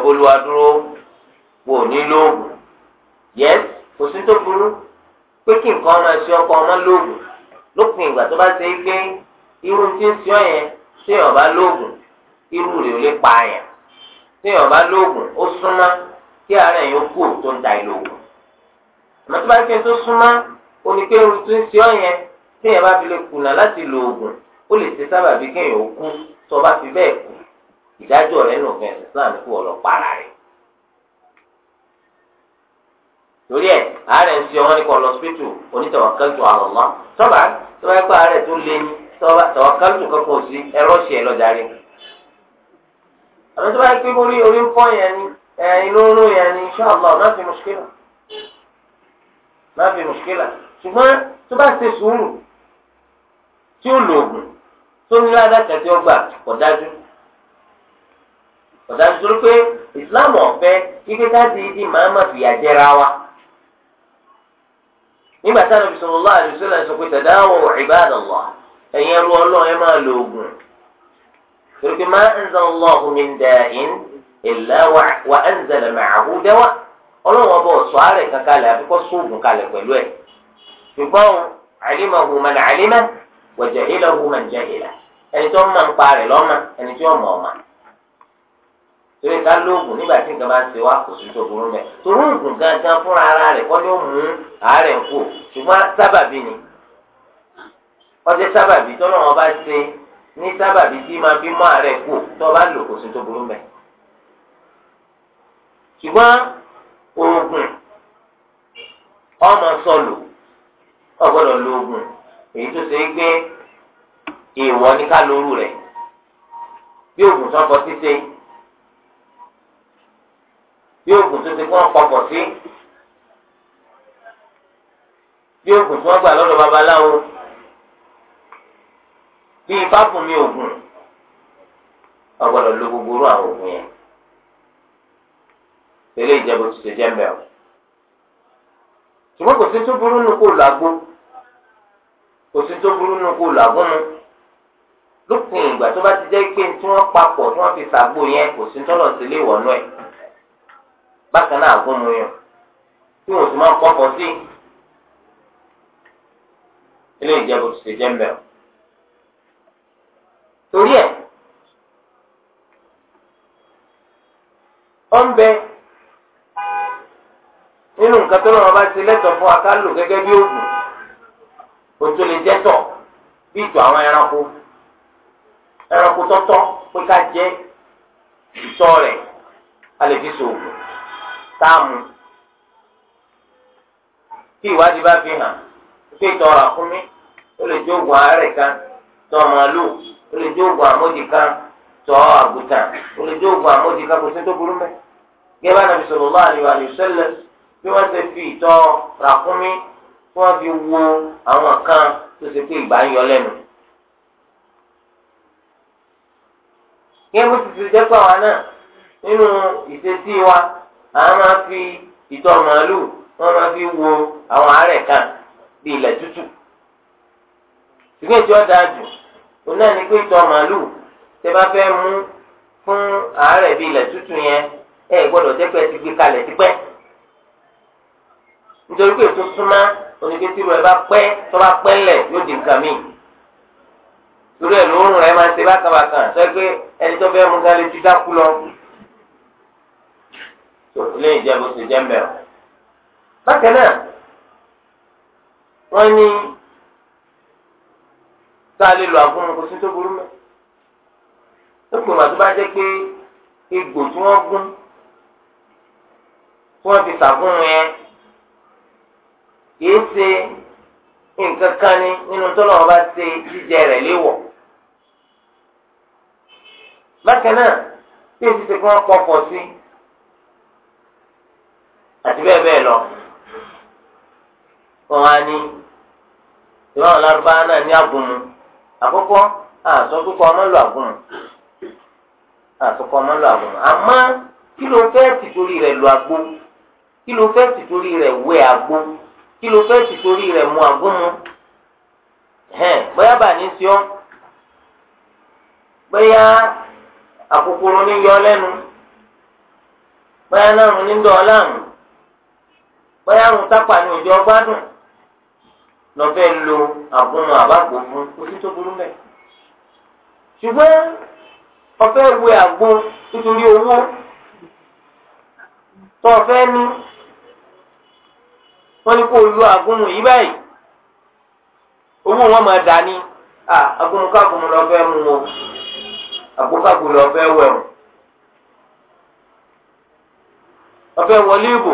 dúró wò ní lóògùn kò pé kí nǹkan ọmọ ẹsẹ ọkọ ọmọ lóògùn lópin ìgbà tó bá ṣe é gbé irú tí ń sọ yẹn téèyàn bá lóògùn irú rẹ̀ ò lè pa àyàn téèyàn bá lóògùn ó súnmọ́ kí àárẹ̀ yẹn ó kú tó ń da ìlóògùn àmọ́ tó bá ṣe tó súnmọ́ oníkéru tó ń sọ yẹn téèyàn bá fi lè kùnà láti lóògùn ó lè ṣe sábàbí kéèyàn ó kú tó bá fi bẹ́ẹ̀ kú ìdájọ́ rẹ̀ nù fẹ́ Islam kú ọ rẹ̀ torí ẹ àárẹ̀ ń ṣe ọmọ nípa ọlọ́sítù onítọ̀wọ̀kẹ́ntù àlọ́lá tọ́ba tọ́ba ẹ̀kọ́ àárẹ̀ tó lé ní tọ̀wọ̀kẹ́ntù kankan sí ẹ̀rọ ṣe ẹ̀ lọ́darí. àmọ́ tọ́ba ẹ̀kọ́ orí orí ń fọ́ yẹn ni inú ń rún yẹn ni ṣáàlá má fi mùṣkílà má fi mùṣkílà ṣùgbọ́n tó bá ṣe sùúrù tí ó lòògùn tó ní ládàkẹ́ tí ó gbà kò dájú kò dájú nígbà tí Ànábì sallallahu alaihi wasallam sọ pé tadawu ibadallah ẹ̀yin ẹrú Ọlọ́run ẹ máa lo oògùn torí pé ma anzalallahu min da'in illa wa anzala ma'ahu dawa Ọlọ́run ọba ọsọ àárẹ kankan lẹ àfikọ sóògùn kalẹ̀ pẹ̀lú ẹ ṣùgbọ́n alimahu man alima wa jahilahu man torí ká lóògùn nígbà tí nǹkan bá ń ṣe wá kò sí tó burú mẹ torí oògùn gangan fúnra ara rẹ̀ kọ́ ni ó mú àárẹ̀ ń kú ṣùgbọ́n sábàbí ni ọjọ́ sábàbí tọ́lọ́ wọn bá ṣe ní sábàbí tí máa fi mú àárẹ̀ kú tó bá lò kò sí tó burú mẹ ṣùgbọ́n oògùn ọmọ sọlù ọgbọ́dọ̀ lo oògùn èyí tó ṣe é gbé èèwọ̀ ní ká lóru rẹ̀ bí oògùn tó títí bí oògùn tó ti fún ọ̀pọ̀pọ̀ sí bí oògùn tí wọ́n gbà lọ́dọ̀ babaláwo bí ipá fún mi oògùn ọgbọ́dọ̀ lo gbogbo irú àwọn oògùn yẹn tẹ́lẹ̀ ìjẹbù ti ṣe jẹmbẹ o ṣùgbọ́n kò sí tó burú nù kó làgbó kò sí tó burú nù kó làgbó mu lópin ìgbà tó bá ti jẹ́ pé tí wọ́n papọ̀ tí wọ́n fi ṣàgbo yẹn kò sí tọ́lọ̀ sílé ìwọ̀nú ẹ̀. bákan náà agúnmuyàn tí wọn sì máa ń pọkàn sí ilé ìjẹbù o torí ẹ ọ ń bẹ nínú nǹkan tó lọ́wọ́ bá ti lẹ́tọ̀ọ́ fún akálò gẹ́gẹ́ bí oògùn òtún lè jẹ́ tọ̀ bí ìtọ̀ àwọn ẹranko ẹranko tọ́tọ́ pé ká jẹ́ rẹ̀ a táàmù tí ìwádìí bá fi hàn pé ìtọrọ àkúnmí ó lè jó oògùn àárẹ̀ kan tọ́ màálù ó lè jó oògùn àmójì kan tọ́ àgùtàn ó lè jó oògùn àmójì kan kò sí tó burú mẹ́. gẹ́gẹ́ bá nàbì sallallahu alaihi wa sallam bí wọ́n ṣe fi ìtọ̀ ràkúnmí tí wọ́n fi wo àwọn kan tó ṣe pé ìgbà ń yọ lẹ́nu. gẹ́gẹ́ bó ti ti jẹ́ pàwọn náà nínú ìṣesí wa àwọn máa fi ìtọ̀ màálù wọ́n máa fi wo àwọn àárẹ̀ kan bí ilẹ̀ tútù ṣùgbọ́n ìtọ́ dáa jù òun náà ní pé ìtọ̀ màálù tẹ bá fẹ́ mú fún àárẹ̀ bí ilẹ̀ tútù yẹn ẹ gbọ́dọ̀ jẹ́ pé ẹ ti gbé kalẹ̀ tipẹ́ nítorí pé ètò súnmọ́ onígbésíru ẹ bá pẹ́ tó bá pẹ́ ńlẹ̀ yóò di nǹkan míì torí ẹ̀ lóorùn rẹ máa ń ṣe bákàbàkà sọ pé ẹni tó fẹ́ mú gan lè ti dákú lọ tó ilé ìjẹun ti jẹ́ mẹ́rin. bákan náà wọ́n ní tá a lè lo àgúnmu kò sí tó burú mẹ́. lópin ìgbà tó bá jẹ́ pé egbò tí wọ́n gún tí wọ́n fi sàgúnmu yẹn kìí ṣe nǹkan kan ni nínú tọ́lọ̀ wọn bá ṣe jíjẹ rẹ̀ léwọ̀. bákan náà bí èsì ti kọ́ pọ̀ pọ̀ sí i àti bẹ́ẹ̀ bẹ́ẹ̀ lọ. wọn á ní ìwọ́n lárúbá náà ní agùnmu àkọ́kọ́ àsọtúkọ ọmọ lọ agùnmu àsọkọ ọmọ lọ agùnmu àmọ́ kí ló fẹ́ tìtorí rẹ̀ lọ agbó kí ló fẹ́ tìtorí rẹ̀ wẹ agbó kí ló fẹ́ tìtorí rẹ̀ mu agùnmu bóyá bà ní sí bóyá àkókò ní yọ lẹ́nu bóyá náà ní dọ̀ ọ́ láàmú bóyá àrùn tápà ni òjò ọgbádùn lọ́fẹ́ lo àgúnmu àbágbò fún ojú tó burú mẹ́. ṣùgbọ́n ọ̀fẹ́ wẹ àgbo nítorí owó tó ọ̀fẹ́ ní wọ́n ní kó lo àgúnmu yìí báyìí owó wọn máa dà ní àgúnmu kágúnmu lọ́fẹ́ mu o àgbókágùn lọ́fẹ́ wẹ̀ o ọ̀fẹ́ wọlé ìbò.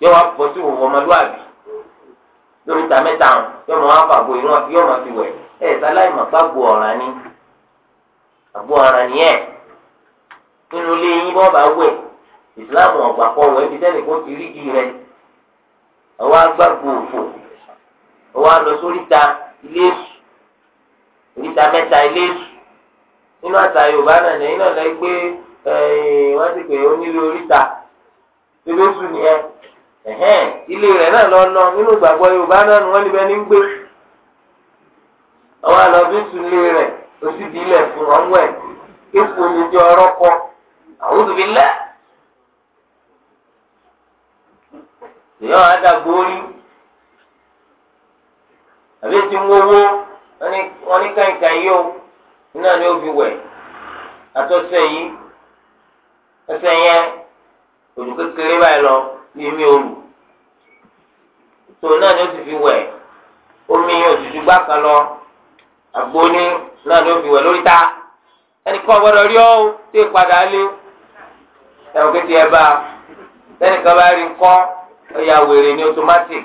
yóò wá bọ́ sí òwò ọmọlúwàbí lórí ta mẹ́ta hàn yóò mọ àfàgbò ìwọ̀n yóò mọ fi wẹ̀ ẹ̀ sáláì mọ̀ fàgbò ọ̀ràn ni àgbo ọ̀ràn ni ẹ̀ nínú ilé yín bọ́ bá wẹ̀ ìsìláàmù ọ̀gbà kọ wẹ̀ ibi tẹ́lẹ̀ kó ti rí di rẹ̀ ọwọ́ agbágbó òfò ọwọ́ alọ sóríta ilé èṣù oríta mẹ́ta ilé èṣù nínú àtà Yorùbá náà nìyí náà lẹ́ pé wọ́n ti pè é onílé oríta ilé èṣù nìyẹn. ilé rẹ̀ náà lọ nọ nínú ìgbàgbọ́ yorùbá náà ni wọ́n níbẹ̀ ní gbé àwọn àlọ́bí tún lé rẹ̀ òsì di ilẹ̀ fún ọmọ ẹ̀ kéfù onídìí ọ̀rọ̀ kọ àwọn òbí lẹ̀. èèyàn àbí ti ń wọ́wọ́ wọ́n ní yìí o iná ni ó fi wẹ̀ àtọ́sẹ̀ yìí ẹsẹ̀ yìí òrù tòun náà ni ó ti fi wẹ̀ omi òtútù gbá kan lọ àgbóni náà ni ó fi wẹ̀ lórí ta ẹnìkan gbọ́dọ̀ rí ọ ó tí ì padà lé ẹ̀rọ kékeré ẹ bá ẹnìkan bá rí kọ́ ẹ̀yà wèrè ní automatic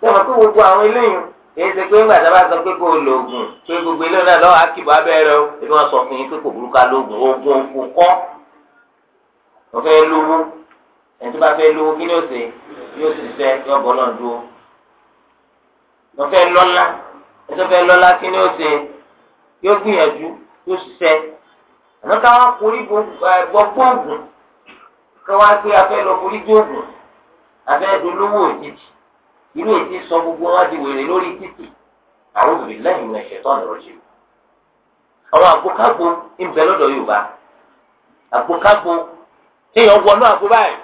sọ̀rọ̀ pé gbogbo àwọn eléyìí èyí ṣe pé ńgbà tá a bá sọ pé kò lòògùn pé gbogbo eléyìí náà lọ́wọ́ akíbọ̀ abẹ́rẹ́ o ebi wọn sọ fún yín pé kò burúkú alóògùn oògùn òkú kọ́ wọ́n lówó ẹni tó bá fẹ́ lówó kí ni ó ṣe yóò ṣiṣẹ́ yóò bọ́ náà dúró wọ́n fẹ́ lọ́lá ẹni tó fẹ́ lọ́lá kí ni ó ṣe yóò gbìyànjú yóò ṣiṣẹ́ àmọ́ káwọn forí gbọ́gbọ́ ògùn káwọn pé afẹ́ lọ forí gbọ́ ògùn afẹ́ dolówó òjijì irú ètí sọ gbogbo wọn di wèrè lórí títì àwọn òbí lẹ́yìn ìwé ẹ̀ṣẹ̀ tọ́nà rọ̀ jù àwọn àgbòkágbò ń bẹ lọ́dọ̀ Yorùbá àgbòkágbò téèyàn wọnú àgbò báyìí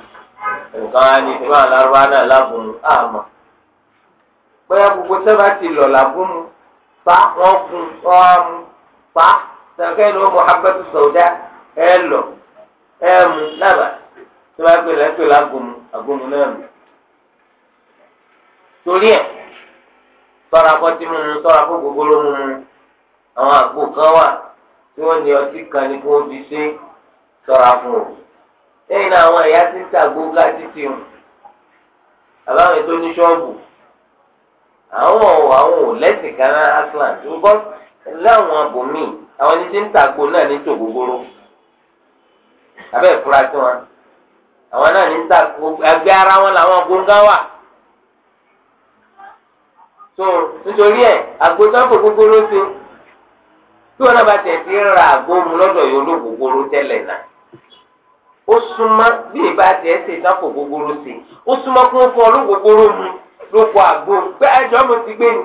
nǹkan á ní fún alárúbá náà lábùnú àmọ́ bóyá gbogbo sábà ti lọ làbùnú pa wọn gun wọn á mú pa sàkẹ́yìn ló muhammadu sọ̀dá ẹ lọ ẹ mú lábà tó bá pè lẹ́pẹ̀ lágùnmu àgùnmu náà mú. torí ẹ̀ sọ́ra kọ́ tí mímu sọ́ra kó gbogbo ló mímu àwọn àgbo kan wà tí wọ́n ní ọtí kan ní kí wọ́n fi ṣe sọ́ra fún òun. lẹ́yìn náà àwọn ẹ̀yà ti ń ta gbóngá títì hù àbáwọn ètò ní ṣọ́ọ̀bù àwọn àwọn ò lẹ́sìn kan náà aslan ṣùgbọ́n láwọn abòmíì àwọn ẹni tí ń ta náà ní tò gbogbooro abẹ́ ìfura sí wọn àwọn náà ní ẹgbẹ́ ara wọn làwọn gbóngá wà nítorí ẹ gbogbooro tí wọn náà bá ra àgbóhùn lọ́dọ̀ yòó ló ó súnmọ́ bí ìbá tiẹ̀ ṣe ìtàkùn gbogbooro sí ó súnmọ́ kó fún ọ ló gbogbooro mu ló kọ àgbo pé ẹjọ́ mo ti gbé ni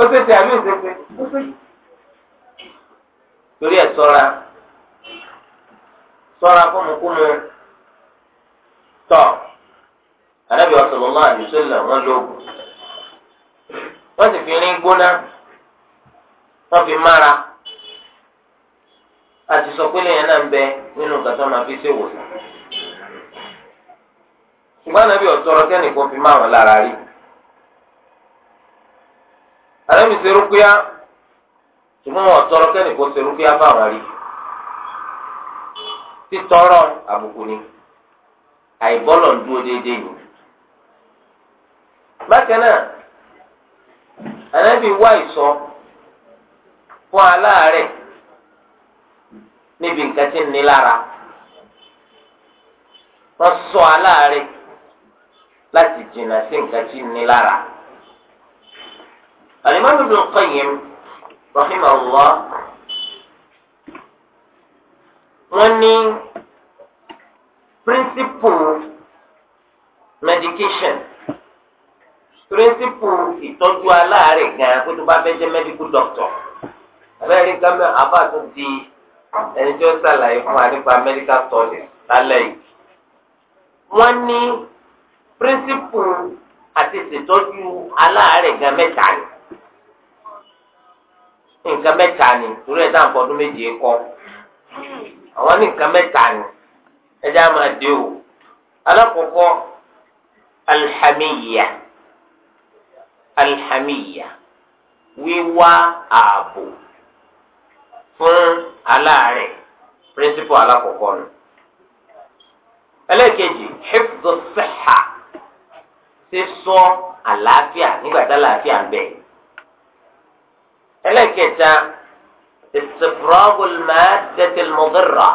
ó ṣe ṣe àmì ìṣẹṣe torí ẹ ṣọ́ra ṣọ́ra fún mi kú mu tọ ànábì sallallahu alaihi wasallam wọn lóògùn wọn sì fi rin gbóná wọn fi mára àti sọ pé lẹ́yìn náà ń bẹ nínú nǹkan tó máa fi ṣe wò sàn. ṣùgbọ́n ànábì ọ̀tọ́rọ kẹ́nìkan fi máa wọn lára rí. ànábì ṣe rúkúyá ṣùgbọ́n wọn ọ̀tọ́rọ kẹ́nìkan ṣe rúkúyá fáwọn rí. títọrọ àbùkù ni àìbọ́lọ̀ ń dúró déédéé ni. bákan náà ànábì wá ìsọ fún aláàárẹ̀ níbi nǹkan tí ń ní lára wọ́n sọ aláàárẹ̀ láti jìnnà sí nǹkan tí ń ní lára. Al-Imam Ibn Qayyim rahimahullah wọ́n ní principle medication principle ìtọ́jú aláàárẹ̀ gan-an kó tó bá fẹ́ jẹ́ medical doctor abẹ́rẹ́ gámẹ́ abá tó di ẹni tí ó ṣàlàyé fún wa nípa medical study lálẹ́ yìí. wọ́n ní píríncípù àti ìṣètọ́jú aláàárẹ̀ gan mẹ́ta ni nǹkan mẹ́ta ni torí ẹ̀ dáhùn fọdún méje kọ́ àwọn ní nǹkan mẹ́ta ni ẹjẹ́ á máa dé o alákọ̀ọ́kọ́ alhamiya alhamiya wíwá ààbò fún aláàárẹ̀ píríncípù alákọ̀ọ́kọ́ nù. ẹlẹ́ẹ̀kejì hifdhu sihha sísọ àlàáfíà nígbà tá àlàáfíà ń bẹ. ẹlẹ́ẹ̀kẹta istifragul maddatil mudirra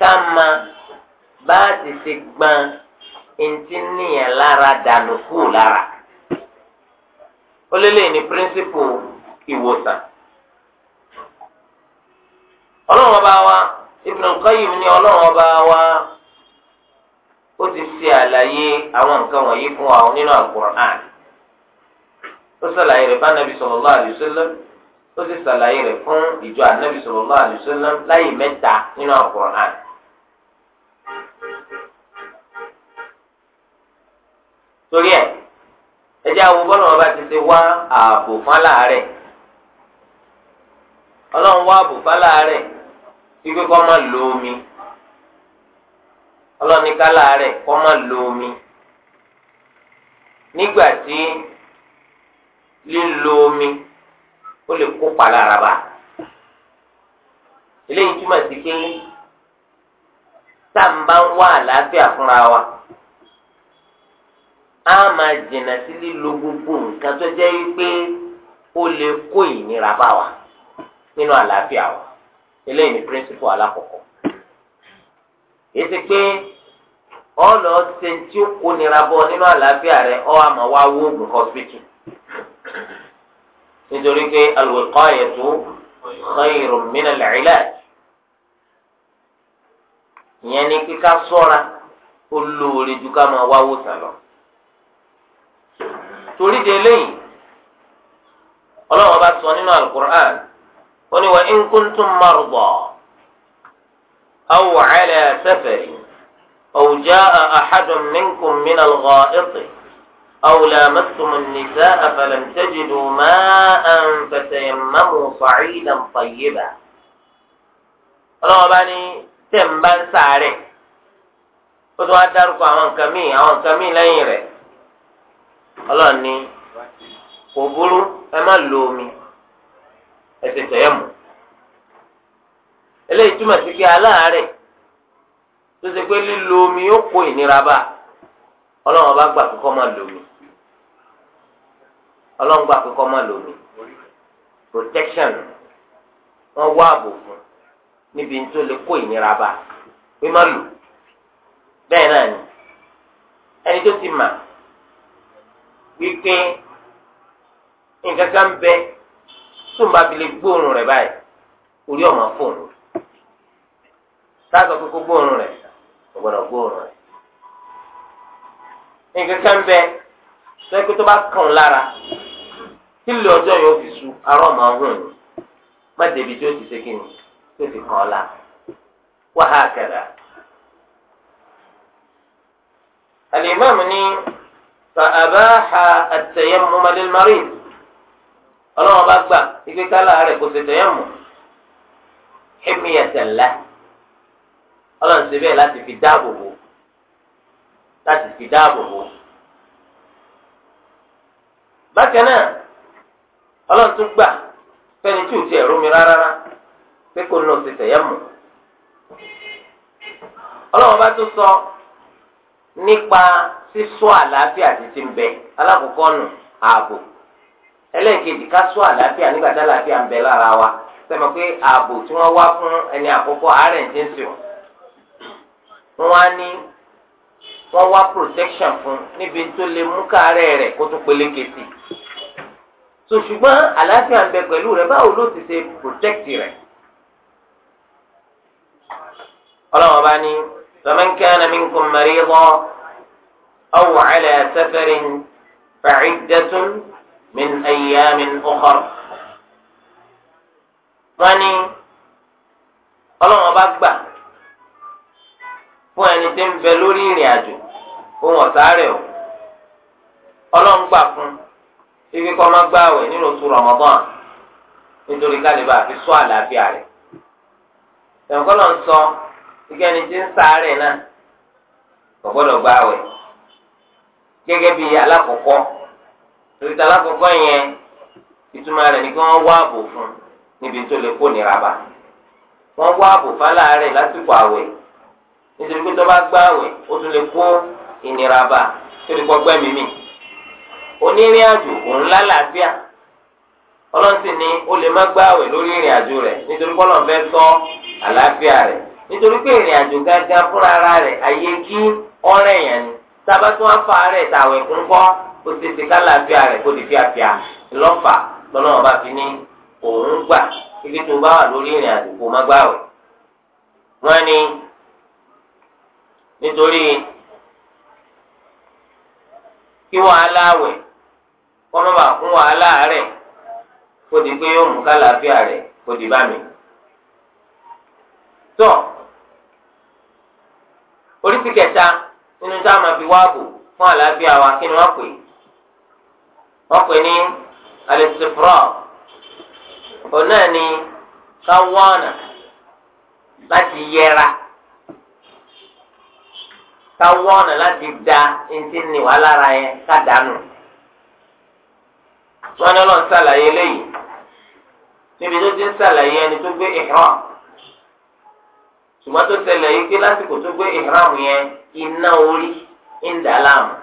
ká ma bá a ti ṣe gbọ́n ntí níyàn lára dànù kú lára. ó lélẹ́yìn ní píríncípù ìwòsàn. ọlọ́run ọba wa Ibn Qayyim ní ọlọ́run ọba wa ó ti ṣe àlàyé àwọn nǹkan wọ̀nyí fún wa nínú Al-Qur'an ó ṣàlàyé rẹ̀ anabi sallallahu alaihi wasallam ó sì ṣàlàyé rẹ̀ fún ìjọ anabi sallallahu alaihi wasallam láyé mẹ́ta nínú torí ẹ ẹjẹ bọ́lá ọba ti ṣe wá ààbò fún aláàárẹ̀ ikú kọ́ máa lo omi ọlọ́ni kálá rẹ̀ kọ́ máa lo omi nígbà tí lílo omi ó lè kópa lára bá eléyìí túmọ̀ sí pé sáàmbá ń wá àlàáfíà fúnra wa á máa jìnnà sí lílo gbogbo nǹkan tó jẹ́ wípé ó lè kó ìnira bá wa nínú àlàáfíà wa eléyìí ni píríncípù alákọ̀ọ́kọ́ èsì pé ọlọ ṣe tí ó kó nira bọ nínú àlàáfíà rẹ ọ àmọ́ wá wóògùn hospital nítorí pé al-wiqayatu khayrun min al-ilaj ìyẹn ni kíká ṣọ́ra ó lóore ju ká máa wá wòsàn lọ torí de eléyìí ọlọ́wọ́n bá sọ nínú al-Qur'an wọ́n ní wa in kuntum marda aw ala safarin aw jaa ahadun minkum min al-gha'iti aw lamastum an-nisaa falam tajidu ma'an fatayammamu sa'idan tayyiban. ọlọ́wọ́ bá ní tẹ̀ ń bá sáré ó tún wá dárúkọ àwọn nǹkan míì àwọn nǹkan míì lẹ́yìn rẹ̀ ọlọ́run kò burú ẹ má lo omi ẹsẹ̀ tẹ̀yẹ̀ mọ̀ eléyìí túmọ̀ sí pé aláàárẹ̀ tó ṣe pé lílo omi yóò kó ìnira bá ọlọ́run ọba gbà pé kọ́ máa lo omi ọlọ́run gbà pé kọ́ máa lo omi protection wọ́n wá ààbò fún níbi tó lè kó ìnira bá pé má lò bẹ́ẹ̀ náà ni ẹni tó ti mà wípé nǹkan kan bẹ́ẹ̀ sùn bá fi lè gbóòórùn rẹ̀ báyìí orí ọmọ fóònù sáàtọ̀ kókó gbóòórùn rẹ̀ ọ̀gbọ́dọ̀ gbóòórùn rẹ̀. nǹkan kan bẹ sọ pé tó bá kàn lára kí lè ọjọ́ yóò fi su ará ọmọ ọhún má débi tí ó ti ṣe kí ni tó fi kàn ọ́ la wàhálà kẹrẹ. الإمام ني فأباح التيمم للمريض ọlọ́wọ́n bá gbà ike kálá rẹ̀ kò tètè yẹn mọ̀ ẹ̀mí ẹ̀sẹ̀ ọlọ́run fi dáàbò bò láti fi dáàbò bò. bákan náà ọlọ́run tún gbà fẹ́ni tí ò tiẹ̀ rómi rárá pé kò ní ọ̀sẹ̀ tẹ̀yẹ̀ mọ̀ ọlọ́run bá tún sọ nípa sísọ àlàáfíà títí ẹlẹ́ẹ̀kejì ká sọ àlàáfíà nígbà tá àlàáfíà ń bẹ lára wa sẹ́mi pé ààbò tí wọ́n wá fún ẹni àkọ́kọ́ àárẹ̀ ń dín sí o wọ́n wá ní wọ́n wá protection fún níbi tó lè mú káàárẹ̀ rẹ̀ kó tó peléke sí i so ṣùgbọ́n àlàáfíà ń bẹ pẹ̀lú rẹ̀ báwo ló ti ṣe protect rẹ̀ ọlọ́wọ́n bá ní faman kana minkum maridan aw ala safarin fa'iddatun. من أيام ukhar. wọ́n ní ọlọ́run ọba gbà fún ẹni tí ń bẹ lórí ìrìn àjò ohun ọ̀sáré o ọlọ́run gbà fún ibi kọ́ máa gbààwẹ̀ nínú oṣù Ramadan nítorí kálíbà àfi sọ àlàáfíà rẹ̀ ẹ̀kọ́ lọ́n sọ gẹ́gẹ́ ni tí ń sáré náà kò gbọ́dọ̀ gbààwẹ̀ gẹ́gẹ́ bí alákọ̀ọ́kọ́ tòlítà alákọ̀ọ́kọ́ yẹn ìtumọ̀ rẹ̀ ni kí wọ́n wá ààbò fún níbi tó lè kó nira bá wọ́n wá ààbò fáláàárẹ̀ lásìkò àwẹ̀ nítorí pé tó bá gbá àwẹ̀ ó tún lè kó ìnira bá torí gbọ́gbẹ́ mímì onírìn àjò òun lálàáfíà ọlọ́sìn ni ó lè má gbá àwẹ̀ lórí ìrìn àjò rẹ̀ nítorí pé fẹ́ sọ àlàáfíà rẹ̀ nítorí pé ìrìn àjò gángan fúnra rẹ̀ àyè kí ọ̀rẹ́ yẹn ni tábàtún afárẹ̀ tàwẹ̀ kún ó ti ti ká láàbíà rẹ̀ kó di fíafíà lọ́fà lọ́nà ọba fi ní òun gbà ibi tó bá wà lórí ìrìn àjò kó má gbà rẹ̀. wọ́n ní nítorí kí wàhálà wẹ̀ kọ́ fún wàhálà rẹ̀ kó di pé yóò mú ká kó wọ́n pè ní alisifra òun ni káwọnà láti yẹra láti da ntí ni ya ka yẹn kádàánù wọ́n ní Ọlọ́run léyìí níbi tó ti ń ṣàlàyé ẹni tó gbé ihram ṣùgbọ́n tó ṣẹlẹ̀ yìí pé lásìkò tó gbé yẹn iná orí ń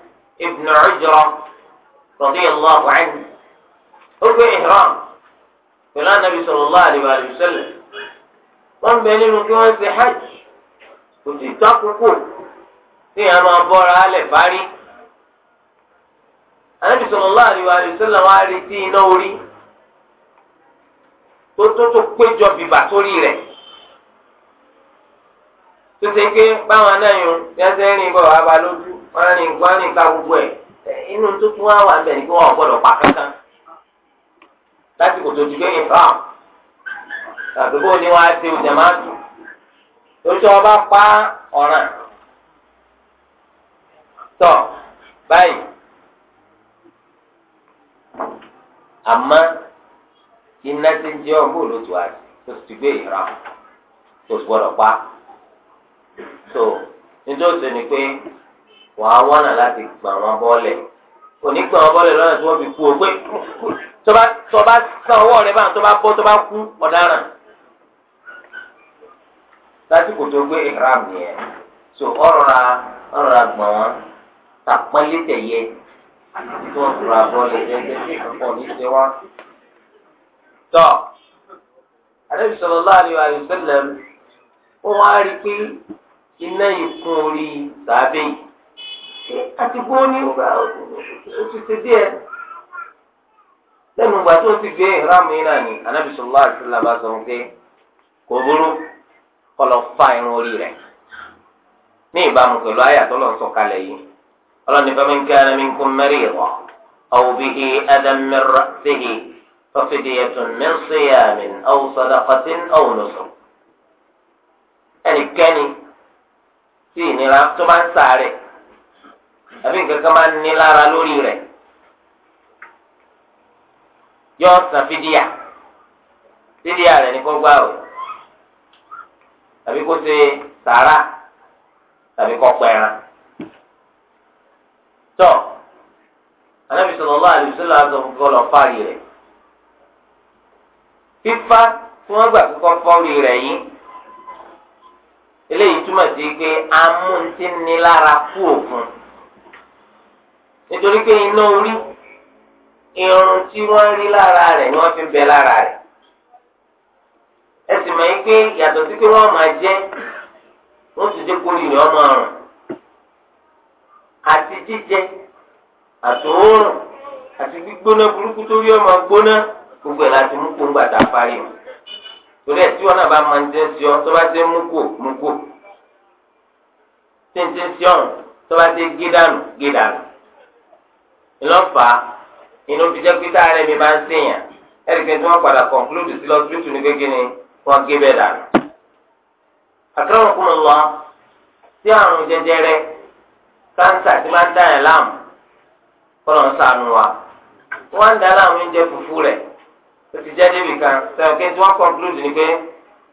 ibn Ujra radiyallahu anhu ó gbé ihram pẹ̀lú anabi sallallahu alaihi wa sallam wọ́n bẹ nínú kí wọ́n ṣe hajj kò sì tó àkókò tí yẹn máa bọ́ra alẹ̀ parí. anabi sallallahu alaihi wa sallam wá retí iná orí tó tó tó péjọ bìbà sórí rẹ̀. tó ṣe pé báwọn náà bí wọ́n ṣe ń rìn bọ̀ wá ba lójú wọ́n rìn wọ́n rìn ká gbogbo ẹ̀ inú tó tún wá wà bẹ̀ ni pé wọ́n gbọ́dọ̀ pa kankan lásìkò tó ti gbé yín fáwọn tàbí ni wọ́n á ti máa tù so nítòsí ni pé wàá wọ́nà láti gbà wọn bọ́ọ̀lẹ̀ onígbà wọn bọ́ọ̀lẹ̀ lọ́nà tí wọ́n fi kú o pé tọ́ba tọ́ba san owó rẹ̀ báyìí tọ́ba bọ́ tọ́ba kú ọ̀daràn lásìkò tó gbé ìhram nìyẹn so ọ̀rọ̀ra ọ̀rọ̀ra gbọ̀n wọn tàpọ́nlé tẹ̀yẹ tí wọ́n fi ra bọ́ọ̀lẹ̀ jẹ́jẹ́ sí ọ̀pọ̀ ní ṣe wá. tọ́ àdébísọ̀rọ̀ láàrin àyùsẹ́lẹ̀ wọ́n wá rí pé iná yìí kún orí sàábẹ̀ yìí àti bó ní o ti ṣe díẹ̀ lẹ́nu ìgbà tí wọ́n ti gbé ìhìrámù yìí náà ni Ànábì sallallahu alaihi wasallam bá sọ pé kò burú kó lọ fá irun orí rẹ̀ ní ìbámu pẹ̀lú àyà lọ sọ kalẹ̀ yìí ọlọ́ni faman kana minkum maridan aw bihi adan min ra'sihi fafidyatun min siyamin aw sadaqatin aw nusuk ẹnikẹ́ni tí ìnira tó bá ń ṣàárẹ̀ àbí nǹkan kan bá ń ní lára lórí rẹ̀ yọ san fídíà fídíà rẹ̀ ní kó gbà o àbí kó ṣe sàárà tàbí kó pẹran tọ anabi sallallahu alaihi wasallam àti ọlọ fáàrí rẹ̀ fífa tí wọn gbà kó kọ fọrí rẹ̀ yìí eléyìí túmọ̀ sí pé amúntínilára kú òfun nítorí pé iná orí irun tí wọ́n rí lára rẹ̀ ni wọ́n fi bẹ lára rẹ̀ ẹ sì mọ̀ pé yàtọ̀ sí pé wọ́n máa jẹ́ wọ́n sì jẹ́ kórìí ni wọ́n máa rùn àti jíjẹ àtòórùn àti gbígbóná burúkú tó rí ọmọ gbóná gbogbo ẹ̀ láti mú kó ń gbàdá parí wọn torí ẹ tí wọn náà bá máa ń tẹ sí ọ tó bá tẹ mú kò mú kò tí ń tẹ sí ọ tó bá tẹ gé dànù gé dànù ìlọ́fà inú fi jẹ́ pé tá a rẹ̀ mi bá ń sèyàn ẹ̀rí pé tí padà conclude sí lọ́sibítù ní gbégbé ni wọ́n gé bẹ́ẹ̀ dànù. àkàràwọ̀n kún mi lọ sí àrùn jẹjẹrẹ kánsà tí máa ń dá yẹn láàmú kọ́nà ń sànù wa wọ́n á ń dá láàmú oúnjẹ fùfú rẹ̀ tó ti jáde nìkan sẹ́wọ̀n kí n tí wọ́n conclude ni pé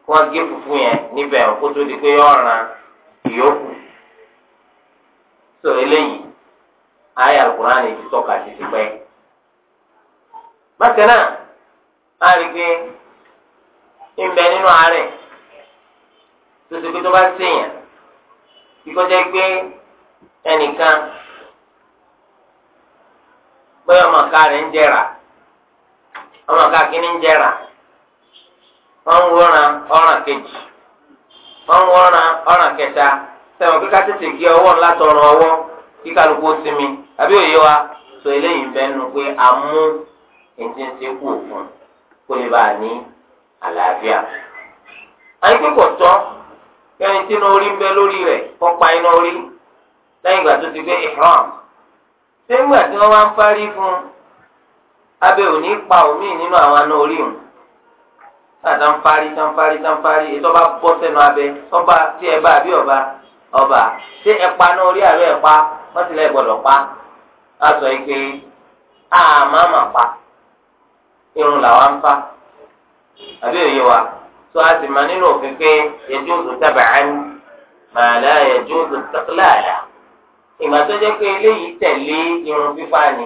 wọ́n gé fufu yẹn níbẹ̀ kó tó di pé ọ̀ràn ìyókù sọ eléyìí ayé alukur'an ti tọ́ka sí ti pẹ́. bákan náà a rí pé ń bẹ nínú àárẹ̀ tó ti pé tó bá ṣèyàn kíkọ́jẹ́ pé ẹnìkan bóyá ọmọ ká rẹ̀ ń jẹrà. ọmọ kakini ń jẹrà wọn ń wọràn ọràn kejì wọn ń wọràn ọràn kẹta sẹwọn kíkà tètè kí ọwọ́ ńlá tọrọ ọwọ́ kí kálukú sinmi àbí òye wa sọ eléyìí bẹ́ẹ̀ nu pé a mú ètí ń sekú kó lè bá a ní àlàáfíà. àyíké kò tọ́ tí náà ń bẹ lórí rẹ̀ kọ́ pa iná lẹ́yìn ìgbà tó ti gbé ìhàn. ṣé abẹ ò ní pa omi nínú àwọn aná orí òun láti ń parí tó ń parí tó ń parí ètò ọba bọ́ sẹ́nu abẹ ọba tí ẹ bá àbí ọba ọba ṣé ẹ pa aná orí àbẹ ẹ pa wọ́n ti lẹ́ gbọ́dọ̀ pa láti sọ yìí pé àmà mà pa irun làwa ń fa àbí òye wa tó a sì máa nínú òfin pé ẹjọ́ òsùn tábàá ní màálá ẹjọ́ òsùn tàkìláàlà ìgbà tó jẹ́ pé eléyìí tẹ̀lé irun fífa ni.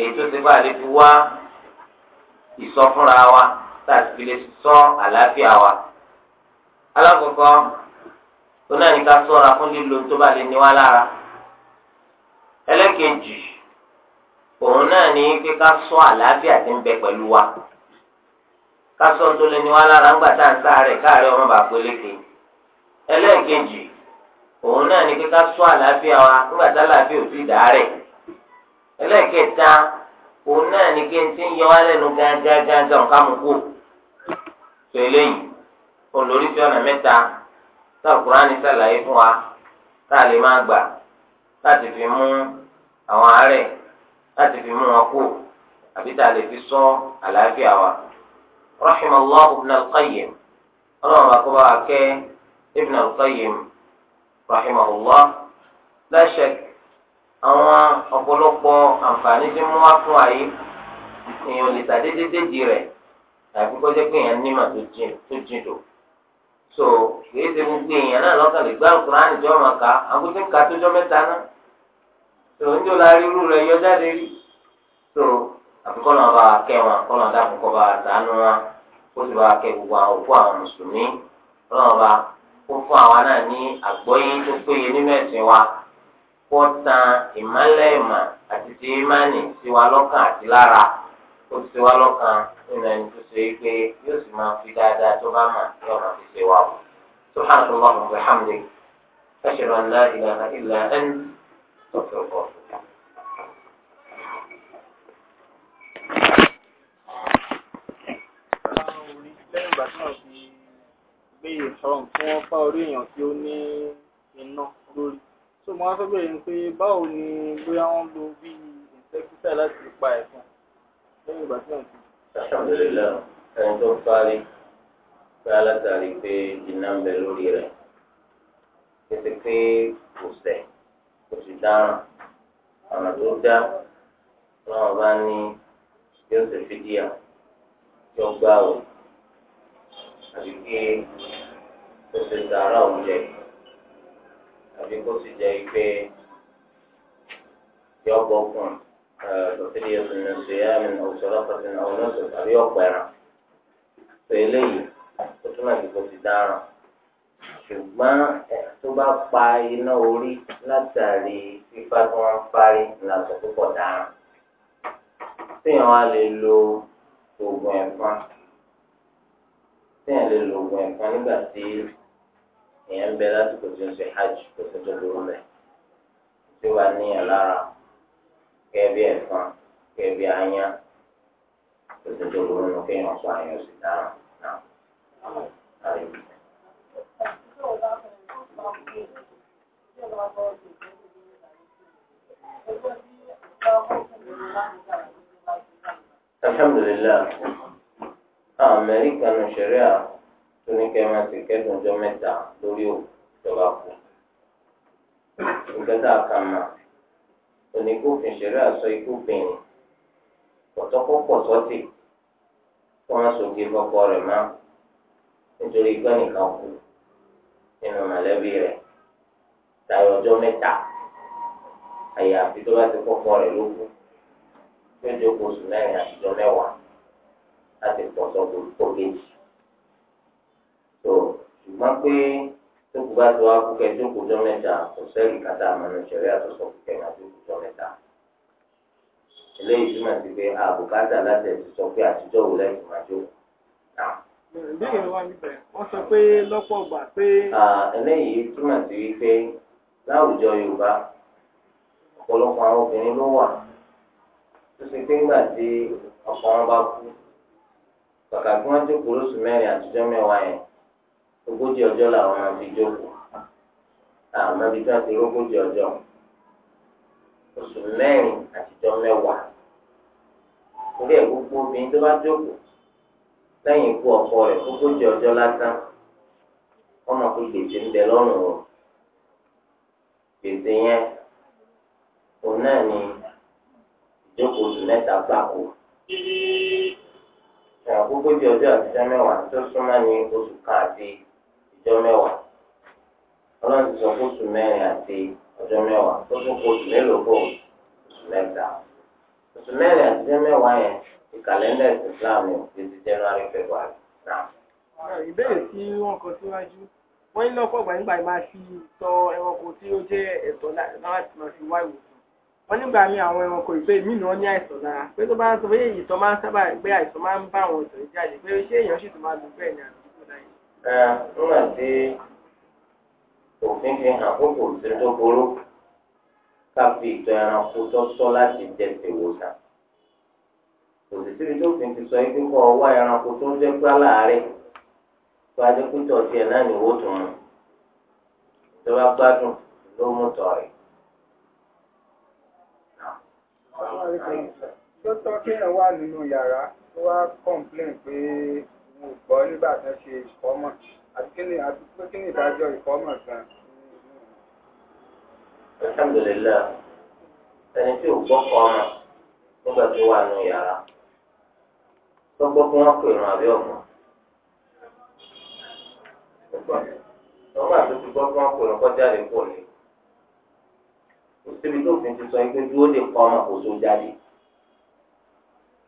èyí tó ti bá lè fi wá ìsọfúnra wa lè sọ àlàáfíà wa. alákọ̀ọ́kọ́ tó náà ní ká sọ́ra fún lílo tó bá lè ní wá lára. ẹlẹ́kejì òun náà ní pé ká àlàáfíà ti ń bẹ pẹ̀lú wa. ká sọ tó lè ní wá lára tá à ń sáré káàárẹ̀ ọmọ wa tá àlàáfíà ò sí Elee òun náà ní kí n ti ń yọ wá lẹ́nu gángan tó eléyìí olóríṣi ọ̀nà mẹ́ta tá Kùránì ṣàlàyé fún wa tá a lè máa gbà láti fi mú àwọn àárẹ̀ láti fi mú wọn kú àbí tá a lè fi ṣọ́ àlàáfíà wa. rahimallahu ibn al-qayyim ọlọ́run bá kọ́ bá wa kẹ́ ibn al-qayyim rahimahullah àwọn ọ̀pọ̀lọpọ̀ àǹfààní tí wọ́n wá fún àyè èèyàn lè tàdédé déjì rẹ̀ tàbí kó pé èèyàn nímà tó tó jìn tó. so kìí ṣe gbogbo èèyàn náà lọ́kàn lè gbá Kùránì jọ ọmọ ká àgùntí ń ka tójọ́ mẹ́ta náà. so ń jò láàrin irú rẹ̀ yọ jáde rí. so àfikọ́ náà bá wa kẹ́ wọn náà dákun kọ́ bá wa kó tan ìmọ́lẹ̀ ìmọ̀ àti ti ìmánì tiwa lọ́kàn àti lára kó tiwa lọ́kàn nínú ẹni tó ṣe é pé yóò sì máa fi dáadáa tó bá mà yóò máa fi ṣe wà wò. سبحانك اللهم وبحمدك أشهد أن لا إله إلا أنت أستغفرك وأتوب lẹ́yìn ìgbà tí wọ́n fi gbé orí èèyàn tí ó ní iná lórí so mo wá fẹ́ bẹ̀rẹ̀ pé báwo ni bóyá wọ́n lo bí ìfẹ́kítà láti pa ẹ̀fọn lẹ́yìn ìgbà tí wọ́n ti. alhamdulilá ẹni tó parí pé alátàrí pé iná ń bẹ lórí rẹ̀ kété pé kò sẹ̀ kò sì dáràn ọ̀nà tó dá náà bá ní yóò ṣe fídíà yóò gbà wò àbí kí ó ṣe sàárà òun jẹ àbí kó sì jẹ́ pé yọ bọ́kùn lọ́sídìí ẹ̀sùn ní ṣèyáàmì ọ̀ṣọ́lá pàṣẹnà ọ̀nọ́sọ̀ tàbí ọ̀pẹ̀rẹ̀ tó eléyìí ó túmọ̀ sí kó ti dáràn ṣùgbọ́n eh, tó bá pa iná orí látàrí fífá tí wọ́n ń parí ìlànà púpọ̀ dáràn téèyàn wá lè lo oògùn ẹ̀fọn téèyàn lè lo oògùn ẹ̀fọn nígbà tí èèyàn ń bẹ lásìkò tí ó ṣe hajj kò sí tó burú mẹ tí wàá níyàn lára kẹbi ẹfọn kẹbi anya kò sí tó burú mẹ kéèyàn sọ àyàn sí dára náà. Alhamdulillah, America no Sharia tó ní kẹ́ máa ti kẹ́dùn ọjọ́ mẹ́ta lórí òkú ìjọba kù. ìgbẹ́ta àkàmà oníkófin ṣẹlẹ̀ àṣọ ikú bìnrin pọ̀tọ́pọ̀pọ̀tọ́tì kó wọ́n sọ̀gì bọ́kọ rẹ̀ má nítorí pé nìkan kú nínú mọ̀lẹ́bí rẹ̀ tayọ ọjọ́ mẹ́ta àyàfi tó bá ti kọ́kọ́ rẹ̀ lókun tó jókòó sùn lẹ́yìn àtijọ́ mẹ́wàá láti pọ̀ sọ́kòó kó kejì ṣùgbọ́n pé tó kù bá tó wá kú kẹ́ tó kù jọ mẹ́ta kò sẹ́rì kàtà àmọ́nà ìṣẹ̀rí àtọ̀sọ̀ kù kẹ́ máa tó kù jọ mẹ́ta. eléyìí túmọ̀ sí pé àbùkátà láti ẹ̀sìn sọ pé àtijọ́ wò lẹ́yìn máa jó. ìbéèrè wa níbẹ̀ wọ́n sọ pé lọ́pọ̀ gbà pé. eléyìí túmọ̀ sí wípé láwùjọ Yorùbá ọ̀pọ̀lọpọ̀ àwọn obìnrin ló wà tó ṣe pé ńgbà tí ọkọ wọn bá kú kàkà kí wọ́n jókòó lóṣù mẹ́rin àtijọ́ mẹ́wàá yẹn ogójì ọjọ́ làwọn máa fi jókòó àwọn máa fi ká sí ogójì ọjọ́ oṣù mẹ́rin àtijọ́ mẹ́wàá orí ẹ̀ gbogbo obìnrin tó bá jókòó lẹ́yìn ikú ọkọ rẹ̀ ogójì ọjọ́ lásán wọ́n máa fi gbèsè ń bẹ lọ́rùn o gbèsè yẹn òun náà ni ìjókòó oṣù mẹ́ta gbáko àwọn ogójì ọjọ́ àtijọ́ mẹ́wàá tó súnmọ́ ní oṣù kan àti ọjọ́ mẹ́wàá ọlọ́run ti sọ fún oṣù mẹ́rin àti ọjọ́ mẹ́wàá tó tún kó oṣù mélòó kó oṣù mẹ́ta oṣù mẹ́rin àti ọjọ́ mẹ́wàá yẹn ti kàlẹ́ndà Islam ní ti January February náà. ìbéèrè tí wọ́n kọ síwájú wọ́n ní lọ́pọ̀ ìgbà nígbà máa fi tọ ẹranko tí ó jẹ́ ẹ̀tọ́ láti máa fi wá ìwòsàn wọ́n nígbà mi àwọn ẹranko ìgbé mi náà ní àìsàn lára pé tó bá ń sọ pé ìtọ̀ máa ń sábà pé àìsàn máa ń bá àwọn ìtọ̀ jáde pé ṣé èèyàn sì tún máa lò bẹ́ẹ̀ ni àná ẹ nígbà tí òfin fi hàn kó kò sí tó burú ká fi ìtọ̀ ẹranko tó tọ́ láti jẹ tèwòsàn òsìsíbi tó fi ti sọ yìí kọ́ ọwọ́ ẹranko tó ń jẹ́ pé aláàárẹ̀ tó a jẹ́ pítọ̀ tiẹ̀ náà ní owó tó mú ìjọba gbádùn ló mú tọ̀ rẹ̀. tó tọ́ kéèyàn wà nínú yàrá wá kọ̀ǹplẹ̀ǹ pé mo gbọ́ nígbà tó ṣe ìfọ́mọ̀ àti kí ni àdúgbò kí ni ìdájọ́ ìfọ́mọ̀ gan. alhamdulillah ẹni tí ò gbọ́ kọ́ ọmọ nígbà tó wà nù yàrá tó gbọ́ kí wọ́n pè ràn àbí ọ̀gbọ́n lọ́gbà tó ti gbọ́ kí wọ́n pè kọjá lè pọ̀ ní. òsibí tó fi ti sọ ẹgbẹ́ dúró lè kọ́ ọmọ kò tó jáde.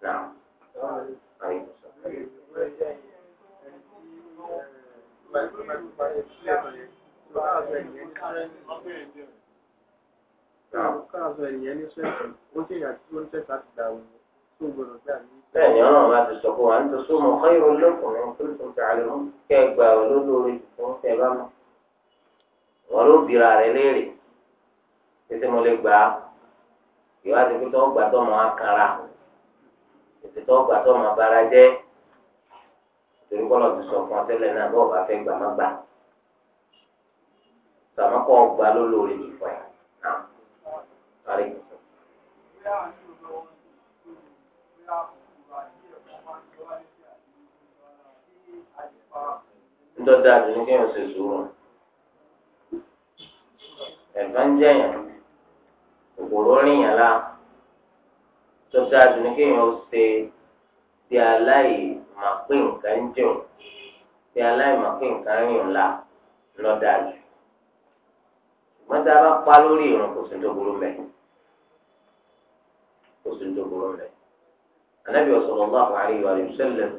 náà báyìí sọ. Bẹ́ẹ̀ni ọlọ́run bá ti sọ fún wa ní tó mọ̀ káyọ̀ olókùnrin tó tó ń tàlẹ́ mú kẹgbà olólórí fún tẹ bá mọ̀. Wọ́n ló bìíra rẹ̀ léèrè títí mo lè gbà á. Ìwádìí pé tó ń gbà tó mọ̀ á kára tètè tó gbà tó máa bára jẹ́ torí kọ́ lọ́ọ́ ti sọ fún ọtẹ́lẹ̀ náà bọ́ọ̀ bá fẹ́ gbà má gbà tàmákọ́ gbà ló lórí jù fún ẹ̀ náà parí. ńdọ́ dáa dùn ní kéèyàn ṣe sùúrù ẹ̀fọn jẹ̀yàn kòkòrò rìn yàn tọ́jú àdùnní kéèyàn ó ṣe ti aláìmọ̀pé nǹkan ń jẹun ti aláìmọ̀pé nǹkan ń rìn ńlá lọ́dà jù ṣùgbọ́n tá a bá pa lórí ìrùn kò sí tó burú mẹ́ kò sí tó burú mẹ́ Ànábì sallallahu alaihi wa sallam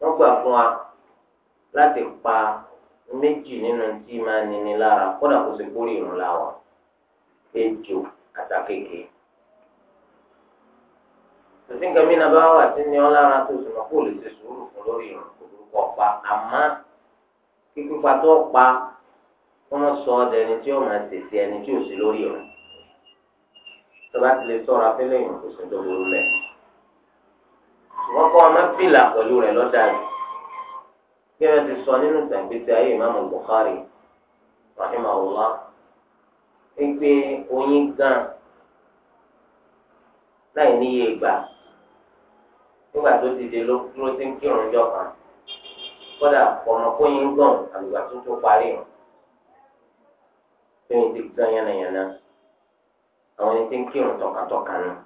wọ́n gbà fún wa láti pa méjì nínú tí máa nini lára kódà kò sí kórìíràn láwa ejò àtàkékèé tòsí nǹkan mìíràn bá wà sí ni ọlára tó sùn kó lè ṣe sùúrù fún lórí ìrùn kò lórúkọ pa àmọ́ kíkópa tó pa wọn sọ ọdẹ ẹni tí ó máa tètè ẹni tí ò sí lórí ìrùn tọba ti lè sọ̀rọ̀ afẹlẹ ìrùn kò sí tó burú lẹ wọn kọ ọmọ fìlà pẹ̀lú rẹ̀ lọdà yìí kí wọn ti sọ nínú ìtàgbésí ayé ìmáàmù Bukhari rahimahullah wípé oyin gan láì níye gbà nígbà tó dìde ló ló ti ń kírun jọ kan kódà ọmọ kóyin gàn àlùgbà tó tó parí hàn tóyin ti gbọ́n yánnayànna àwọn ẹni tí ń kírun tọkàtọkà náà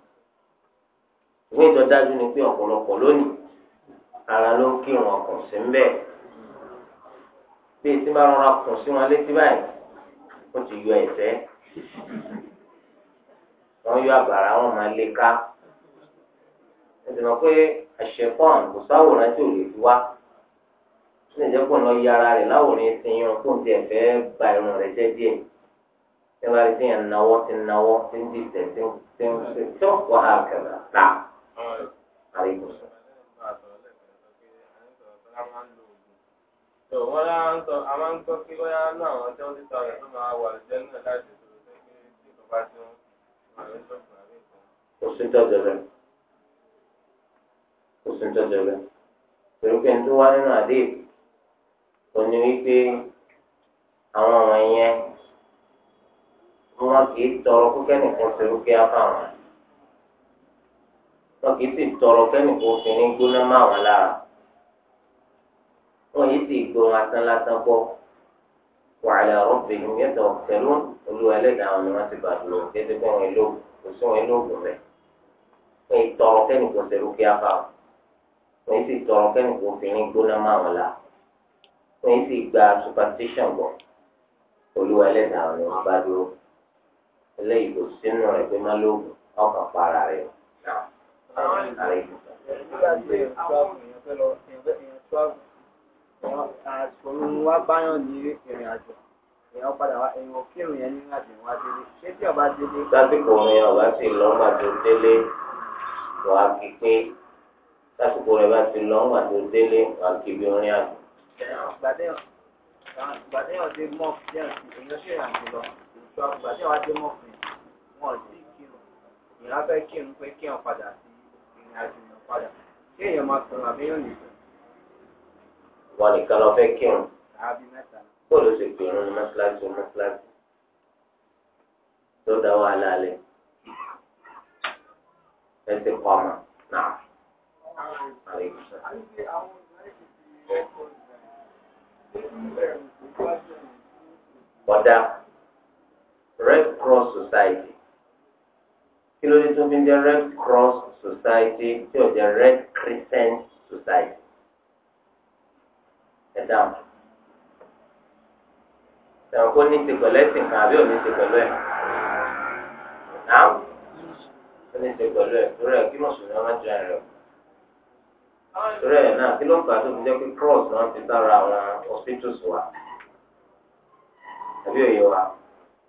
ìwé ìtọ́jájú ni pé ọ̀pọ̀lọpọ̀ lónìí ara ló ń kírun ọkàn sí ń bẹ́ẹ̀ bí etí bá rọra kùn sí wọn létí báyìí wọ́n ti yọ ẹ̀sẹ̀ wọ́n yọ àgbàrá wọn máa lé ká ẹ̀sìnà pé àṣẹpọ́n kò sáwòrán tí ò lè fi wá tí lè jẹ́ pọ̀ lọ yí ara rẹ̀ láwòrán ẹsẹ̀ irun kó n tiẹ̀ fẹ́ ba irun rẹ̀ jẹ́ díẹ̀ tí wọ́n bá rí sẹ́yìn náwó ti náwó ti ń di tẹ̀ tí ń ṣe tí ó wà á kẹ̀lá tà àrí kò sọ. wọ́n lá ń sọ a máa ń gbọ́ pé wọ́n yá àwọn tí ti sọ rẹ̀ tó máa wà lójú náà láti sọ̀rọ̀ pé tí ìjọba ti wà lójú ọ̀gbìn àbí nǹkan. ó sì tọ́jú rẹ̀ kò sí tọ́jú rẹ̀ pẹ̀lúkẹ́ tó wá nínú àdéhùn kò ní wípé àwọn ọmọ yẹn wọn kì í tọrọ kó kẹ́nìkan pẹ̀lúkẹ́ afáwọn wọn kì í sì tọrọ kẹ́nìkan obìnrin gbóná máa wọn lára wọn yìí sì gbóhùn asán lásán gbọ́ wàhálà ọ̀rọ̀bì ni yẹtọ̀ pẹ̀lú olúwa ẹlẹ́dàá àwọn ni wọ́n ti bàdúrà kéde pé wọ́n èlò kò sí wọn èlò ògùn rẹ̀ wọ́n yìí tọrọ kẹ́nìkan pẹ̀lúkẹ́ afáwọn wọ́n sì tọrọ kẹ́mi kò fi ní gbóná máa wọn la wọ́n sì gba superstition bọ̀ olúwa ẹlẹ́dàá ni wọ́n bá dúró eléyìí kò sínú rẹ̀ pé má lóògùn ọkàn para rẹ̀ náà ara ìlú. Òun wá báyọ̀ ní ìrìn àjò. Èèyàn padà wá ẹ̀yìn òkèrè yẹn ní àjò wá délé. Ṣé tí ọba délé? Lásìkò òun yẹn ọba sì lọ́mọdé délé, wàá kí lásìkò rẹ̀ bá ti lọ wọn àti délé wọn kì í bí orin àgbẹ̀. gbàdéyàn dé mọ́ọ̀fù jẹ́ ìrìnàṣẹ́ àjùlọ ìṣọ́ gbàdéyàn wá dé mọ́ọ̀fù wọn ò sí kírun ìran fẹ́ kírun pé kí wọn padà sí ìrìn àjò yẹn padà ṣé èèyàn máa sọ̀rọ̀ àbẹ́yàn nìkan. wọn nìkan lọ fẹ́ kírun. àbí mẹ́ta. bóòlù sì pè irun mọ́ṣáláṣí mọ́ṣáláṣí tó dá wàhálà lẹ ẹsẹ̀ pọ̀ mọ́ náà. Ọ̀dà Red Cross Society kí ló dé tó fi ń jẹ́ Red Cross Society tí ò jẹ́ Red Crescent Society ẹ dáhùn sẹ̀wọ̀n kó ní ti pẹ̀lú ẹ̀sìn kan àbí òní ti pẹ̀lú ẹ̀ náà ó ní ti pẹ̀lú ẹ̀ torí ẹ̀ kí mùsùlùmí ọmọ jẹun rẹ̀ o rẹ̀ náà kí ló ń fà tó fi jẹ́ pé cross náà ti sára àwọn hospitals wa àbí òye wa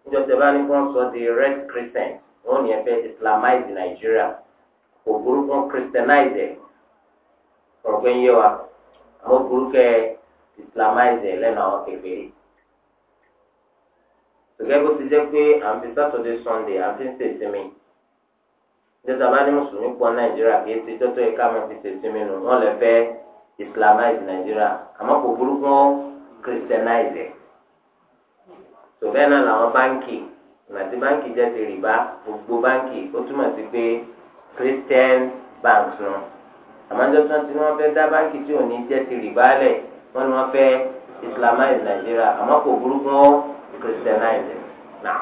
níjọ́ tẹ́ bá ní kí wọ́n sọ di red crescent wọ́n ní ẹ fẹ́ islamize Nigeria kò burúkú christianize ẹ̀ ọ̀rọ̀ pé ń yé wa àwọn burúkú ẹ̀ islamize ẹ̀ lẹ́nu àwọn kékeré gẹ́gẹ́ bó ti jẹ́ pé à ń fi Sunday à ń ìjọba bá ní mùsùlùmí pọ̀ nàìjíríà kì í ti tọ́tọ́ ẹ̀ka máa fi ṣèṣin mi nù wọ́n lè fẹ́ islamize nàìjíríà àmọ́ kò burúkú wọn christianize tó bẹ́ẹ̀ náà làwọn báńkì nàti báńkì jẹ́ ti rìbá gbogbo báńkì ó túmọ̀ sí pé christian banks nù àmọ́ ìjọba tí wọ́n fẹ́ dá báńkì tí ò ní jẹ́ ti rìbá lẹ̀ wọ́n ní wọ́n fẹ́ islamize nàìjíríà àmọ́ kò burúkú wọn christianize náà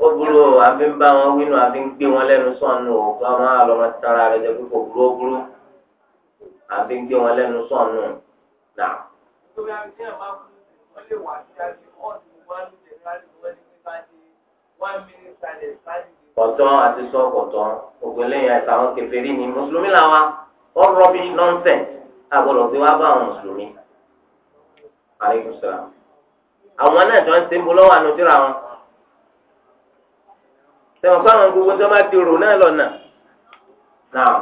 ó burú o àfi ń bá wọn wínú àfi ń gbé wọn lẹ́nu sọ̀nù o kí wọ́n máa lọ máa tara rẹ̀ jẹ́ púpọ̀ burú ó burú àfi ń gbé wọn lẹ́nu sọ̀nù nà. kọ̀tọ́ àti sọ kọ̀tọ́ gbogbo eléyìí àti àwọn kèfèrí ni mùsùlùmí làwa ó rọ́bì nọ́ńsẹ̀ àgbọ̀dọ̀ tí wàá bá àwọn mùsùlùmí. aleykum salaam àwọn náà tó ń ṣe ń bo lọ́wọ́ àánú síra wọn sẹ́wọ̀n kọ́ àwọn gbogbo tó bá ti rò náà lọ́nà náà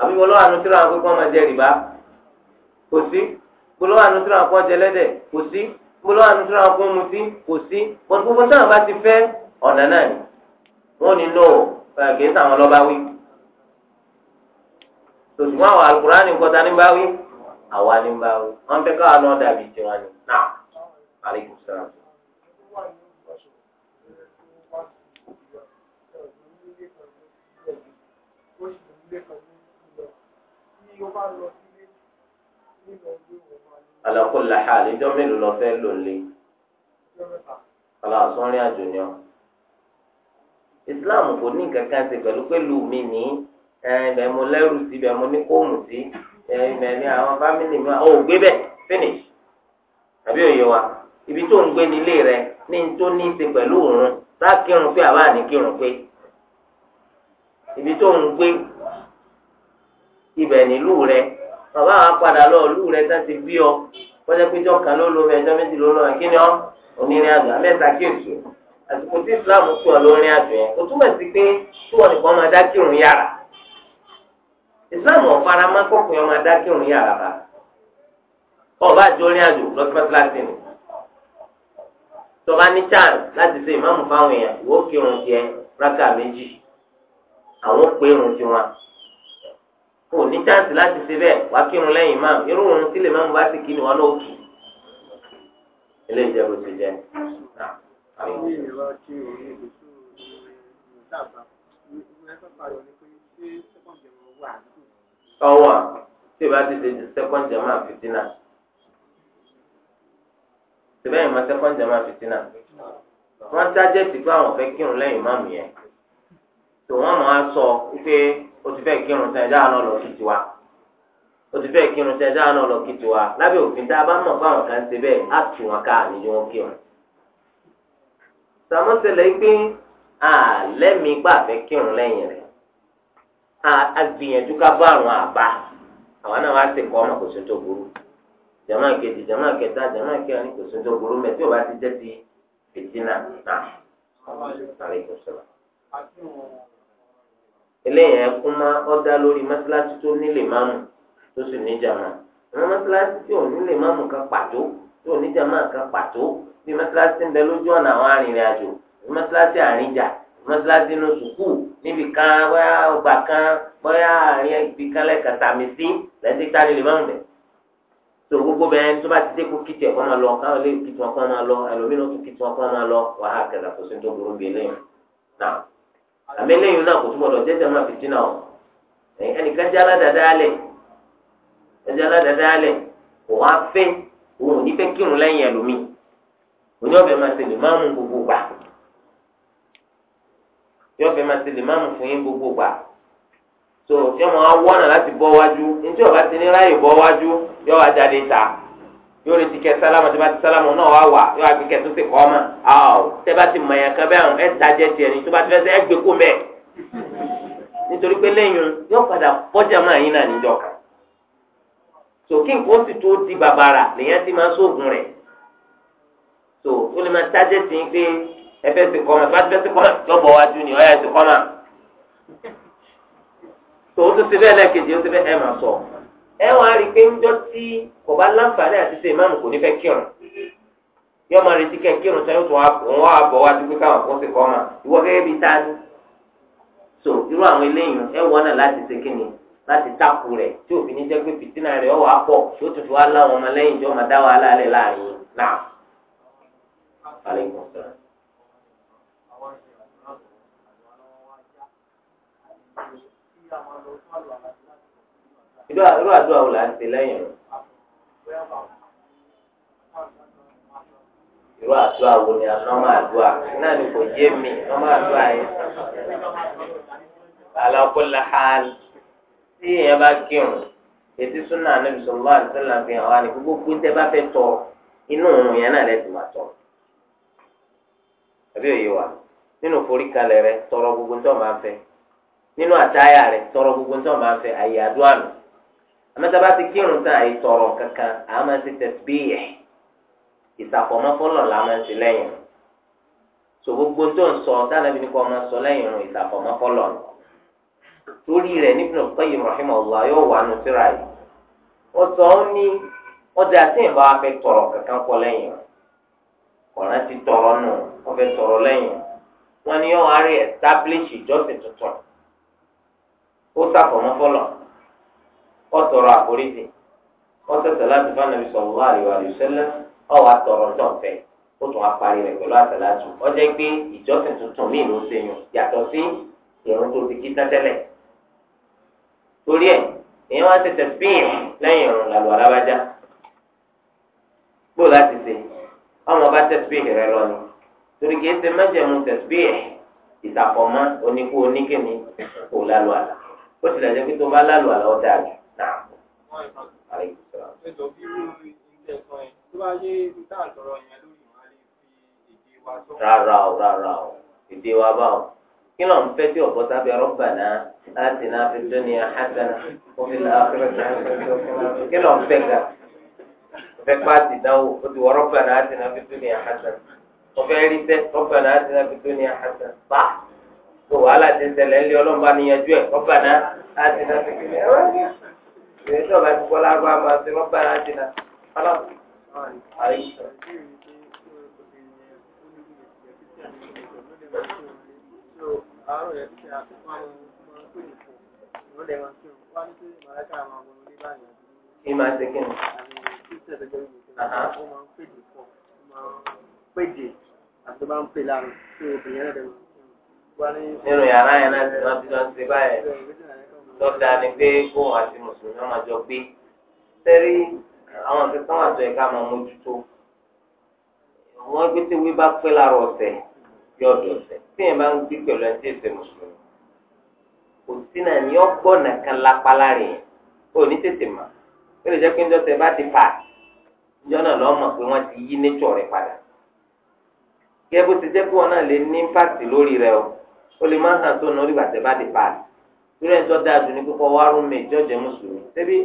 àbí bo lọ́wọ́ àánú síra wọn pé kọ́ máa jẹ rìbá kò sí bo lọ́wọ́ àánú síra wọn kọ́ jẹ lẹ́dẹ̀ kò sí bo lọ́wọ́ àánú síra wọn kọ́ mutí kò sí bọ́n gbogbo táwọn bá ti fẹ́ ọ̀nà náà ni wọ́n ní lò kì í sàwọn lọ́ba wí tòṣùwọ́n àwọn Al-Kùránì nìkan ta ní bá wí àwa ní bá wí wọ́n fẹ́ káwọn náà dàbí tiwọn ni aleykum salaam. alakola ha alejọ mélòó lọ fẹ́ lò lé alasọrin àjò ni ọ islam kò ní kankan ṣe pẹ̀lú pẹ̀lú mi ní ibẹ̀ mo lẹ́rù sí ibẹ̀ mo ní kóòmù sí ibẹ̀ ni àwọn fámìlì mi ò gbé bẹ̀ finish àbí òye wa ibi tó ń gbé nílé rẹ ní n tó ní í ṣe pẹ̀lú òun tá kírun pé àbá ní kírun pé ibi tó ń gbé ibẹ̀ nílùú rẹ bàbá wa padà lọ ìlú rẹ tá ti bí ọ kọjá pé jọ kan ló lo ẹjọ méjì ló lọ kí ni ọ onírin àgbà mẹ́ta kí èso àsìkò tí islam pè ọ lórin àjò yẹn kò túmọ̀ sí pé tí wọn nìkan máa dá kírun yàrá islam ọ̀fara máa kọkùnrin máa dá kírun yàrá bá ọba àjọ orin àjò lọ́sọ́sọ́ láti tọba ní chance láti ṣe ìmáàmù fáwọn èèyàn ìwọ kírun tiẹ̀ rákà méjì àwọn pé irun tiwọn kò ní chance láti ṣe bẹ́ẹ̀ wá kírun lẹ́yìn máa irú òun sílẹ̀ máa ń bá sì kí ni wọn náà kì í eléyìí jẹ bó ti jẹ. ọwọ́ tí o bá ti ṣe second jama fifty nine síbẹ̀ yìí máa sẹ́kọ́ǹdì jama fìtínà wọ́n tájẹ́ sí pé àwọn fẹ́ kírun lẹ́yìn ìmáàmù yẹn tó wọ́n máa sọ pé o ti fẹ́ kírun sẹ́yìn dáhà náà lọ kí tiwa o ti fẹ́ kírun sẹ́yìn dáhà náà lọ kí tiwa lábẹ́ òfin tá a bá mọ̀ pé àwọn kan ṣe bẹ́ẹ̀ á tù wọn ká àníjú wọn kírun. sàmúsẹ̀lẹ̀ pé àlẹ́mi gbà fẹ́ kírun lẹ́yìn rẹ̀ àgbìyànjú ká bá àrùn àbá àwọn náà wá ṣe kọ́ ọmọ kò sí tó burú jama kejì jama kẹta jama kẹrin kò sójú ọgbọrọ mẹ tí o bá ti jẹ ti fìtínà náà àlẹ kò sọ̀rọ̀. eléyìí ẹ kún mọ ọdá lórí mọ́sálásí tó nílé máàmù tó sì ní jama àwọn mọ́sálásí tí ò nílé máàmù kan pàtó tí ò ní jama kan pàtó bí mọ́sálásí ń bẹ lójú ọ̀nà àwọn arìnrìn àjò bí mọ́sálásí àrìnjà mọ́sálásí inú sùkúù níbi kan bóyá ọgbà kan bóyá àárín ibì kan lẹ́ka tàmí sí lẹ́sìn tá tó gbogbo bẹ́ẹ̀ tó bá ti dé kó kìtì ẹ̀kọ́ máa lọ káwọn lè kìtì wọn máa lọ ẹlòmínú tó kìtì wọn máa lọ wàhálà kẹta kò sí náà àmì náà kò túbọ̀ lọ jẹ́jẹ́ máa fi dínà ọ̀ jẹ́ aládàáda alẹ̀ kò wá fẹ́ òun ò ní fẹ́ kírun lẹ́yìn máa ṣe lè máa mú gbogbo gbà máa ṣe lè máa mú fún yọ wá jáde ta yóò retí kẹ sálámù tí bá ti sálámù náà wá wà yóò àgbẹ̀ kẹ tó ti kọ́ ọmọ bá ti mọ̀ yẹn kan bẹ́ẹ̀ ẹ̀ dájẹ́ tiẹ̀ ní tó bá ti fẹ́ sẹ́ ẹ̀ gbé mẹ́ nítorí pé lẹ́yìn yóò padà máa yín náà níjọ nǹkan sì tó di lèyàn ti máa sóògùn rẹ̀ tó ó lè máa tájẹ́ sí pé ẹ fẹ́ sí kọ́mọ̀ bá fẹ́ sí kọ́mọ̀ lọ́bọ̀ wájú ni ọ̀yà tó ti e wọn á rí i pé ńjọ tí kò bá láǹfààní àti ṣe ìmáàmù kò ní fẹ́ kírun yóò máa retí kẹ kírun tán yóò tún wọn wá bọ̀ wá dúpẹ́ káwọn ìwọ so irú àwọn eléyìí ẹ náà láti ṣe kí ni láti takù rẹ̀ tí òfin ní pé fìtínà rẹ̀ ọwọ́ àpọ̀ yóò tún fi wá láwọn ọmọ irú àdúrà wo là ń ṣe lẹ́yìn rẹ̀ irú àdúrà wo ni anọ́mọ àdúrà náà ni kò yé mi anọ́mọ àdúrà yẹn alákòlá hàl tí èèyàn bá kírun ètí súnà níbi sọlá àtẹlà fi hàn wá ní gbogbo tẹ bá fẹ́ tọ inú òun yẹn náà lẹsìn máa tọ àbí òye wa nínú foríkalẹ̀ rẹ̀ tọrọ gbogbo tó máa fẹ́ nínú àtayà rẹ̀ tọrọ gbogbo tó máa fẹ́ àyè àdúrà nù. amẹtaba ti kírun tán tọrọ kankan àmọ ti tẹsibíyẹ ìsàfọmọfọlọ la máa ń ti lẹ́yìn so gbogbo tó ń sọ tánàbí ni kò máa sọ lẹ́yìn irun ìsàfọmọfọlọ torí rẹ níbi náà rahim allah yóò wà nù síra yìí ó sọ ó ní ọjà tí ìbá tọrọ kankan kọ lẹ́yìn ọ̀ràn tọrọ nù tọrọ wọn ni yóò wá rí ìjọsìn tuntun ó fọlọ. ọtọrọ àforíjì wọn sẹsẹ láti fún anabi sallallahu alaihi wasallam ọwọ àtọrọ tọfẹ ó tún apari rẹ pẹ̀lú àtàlátù ọjọ pé ìjọsìn tuntun míì ló ṣe yàn yàtọ̀ sí ìrún tó ti kí tẹ́tẹ́lẹ̀ torí ẹ èèyàn wá tètè fíìm lẹ́yìn ìrún làlù alábàjá gbó láti ṣe ọmọ bá tẹsíbíì rẹ lọ ni torí kìí ṣe mẹjẹmú tẹsíbíì ìtàkọmọ oníkú oníkíni kò lálù àlà ó tilẹ̀ jẹ́ pé tó bá lálù àlà ó dáa jù ẹjọ́ bí irú ilé ẹ̀kọ́ yẹn tó bá yé tá à ń sọ̀rọ̀ yẹn lórí ìwà lè fi èdè wa sọ. rárá o rárá o èdè wa bá o kí ló ń fẹ́ tí ọ̀pọ̀ sábẹ́ rabbana atina fid dunya hasana wa fil akhirati hasana kí ló ń fẹ́ ga fẹ́ pàtì dánwò ó ti wọ rabbana atina fid dunya hasana ọ̀fẹ́ rí sẹ́ rabbana atina fid dunya hasana bá tó wàhálà ti ṣẹlẹ̀ ńlẹ́ ọlọ́mọba níyanjú ẹ̀ rabbana atina fid dunya hasana ìrìn tí ọba ti kọ́ lágbá máa ṣe wọ́n bára ṣe náà fọlá àyíṣà. ìmọ̀ àti kìnnì. péjì àti bá ń pè láàrin tí obìnrin rẹ̀ wá ní. nínú yàrá ti wọ́n ti lọ lọ́dà ni pé kóhùn àti mùsùlùmí ọmọ jọ gbé sẹ́rí àwọn nǹkan kan wà tó yẹ ká máa mójútó wọ́n gbé tí wí bá pẹ́ lára ọ̀sẹ̀ yọ ọ̀dọ̀ ọ̀sẹ̀ tí yẹn bá ń gbé pẹ̀lú ẹni tí èsè mùsùlùmí kò sí náà ní ọgbọ́n nìkan lápá lára yẹn ó ní tètè mà ó lè jẹ́ pé ńjọ́ tẹ bá ti fà ńjọ́ náà lọ́ mọ̀ pé wọ́n ti yí nature rẹ̀ padà kí ẹ bó ti jẹ́ pé wọn náà lè ní o ó lè má hàn tó nà ó irú ẹ̀tọ́ dáa jù ní kíkọ́ wá rúmi ìjọ́jẹ́ mùsùlùmí ṣebí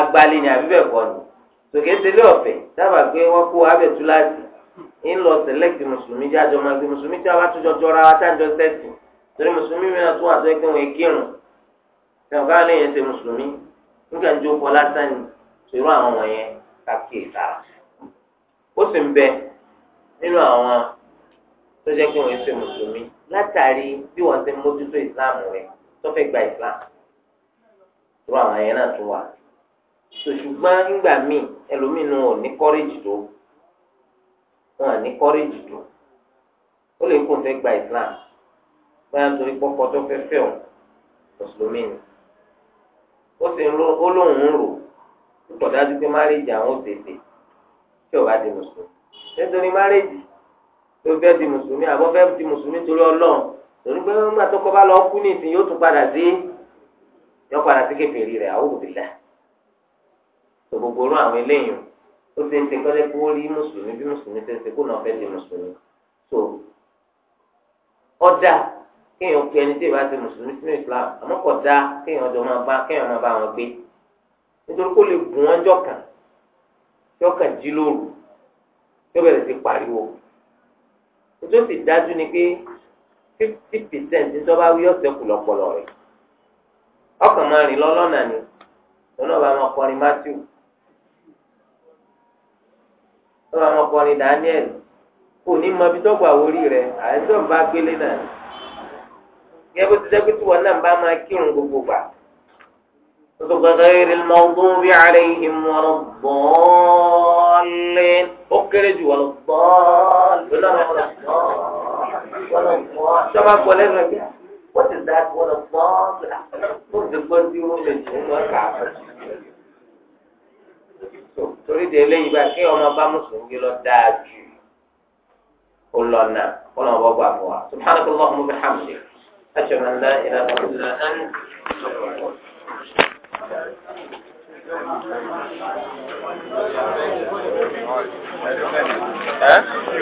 agbalẹ̀ ni àbí bẹ́ẹ̀ kọ́ ni tòkè tẹ̀lé ọ̀fẹ́ dábàá pé wọ́n kó abẹ́tú láti ń lọ sẹ̀lẹ́kì mùsùlùmí jẹ́ àjọmọ́ ẹgbẹ́ mùsùlùmí tí a bá túnjọ jọra wa tá à ń jọ sẹ́ẹ̀tì torí mùsùlùmí mi náà tún wà tó ẹgbẹ́ wọn kírun tẹ̀wọ́n káwọn lè yẹn ṣe mùsùlùmí nígbà ń jókòó lásán ni irú àwọn wọ̀nyẹn kàkí ìtara ó sì ń bẹ nínú àwọn tó jẹ́ pé wọ́n ṣe mùsùlùmí látàrí bí wọ́n ti mójútó islam rẹ̀ tó fẹ́ gba islam tó àwọn yẹn náà tún wà ṣùgbọ́n nígbà míì ẹlòmínú ò ní kọ́rẹ́jì tó wọn à ní kọ́rẹ́jì tó ó lè kó fẹ́ gba islam báyà nítorí pọ́pọ́ tó fẹ́ fẹ́ o mùsùlùmí ni ó sì ń ó lóun ń rò ó tọ̀ dájú pé márèjì àwọn ò tètè tí ò bá di mùsùlùmí nítorí márèjì tó fẹ́ di mùsùlùmí àbọ̀ fẹ́ di mùsùlùmí torí ọlọ́run torí pé nígbà tó kọ́ bá lọ kú ní ìsìn yóò tún padà sí yọ padà sí kèfèrí rẹ̀ àwọn òbílà tó gbogbo rún àwọn eléyìí ó ṣe ń ṣe kọ́lẹ́ kó rí mùsùlùmí bí mùsùlùmí ṣe ń ṣe kó náà fẹ́ di mùsùlùmí tó ọ̀dà kéèyàn pe ẹni tí ìbá ti mùsùlùmí sínú Islam àmọ́ kò dáa kéèyàn jọ máa bá kéèyàn máa bá wọn gbé nítorí kó lè gùn wọn jọkàn jọkàn jí lóru yóò bẹ̀rẹ̀ sí pariwo o tó sì dájú ni pé fifty percent ní sọ́ba wí ọ̀sẹ̀ kù lọ́pọlọ rẹ̀ ọkàn máa rìn lọ́lọ́nà ni lọ́nà bá máa kọrin Matthew lọ́nà bá máa kọrin Daniel kò ní mọ ibi tó gbà wórí rẹ̀ àìsàn bá gbélé náà gẹ́gẹ́ bó ti jẹ́ pé náà bá máa kírun gbogbo gbà. غير المغضوب عليهم ولا الضالين ضالين أكرج ولا الضال ولا الضال شباب ولا الرجال What is that? What a bomb! What's the first you mention? What happened? torí de eléyìí bá kí ọmọ bá mùsùlùmí lọ dáa jù ó lọ náà kó lọ́n bọ́ gbà fún wa subhanahu wa ta'ala muhammed hamdi ashhadu an la ilaha illa anta ẹ.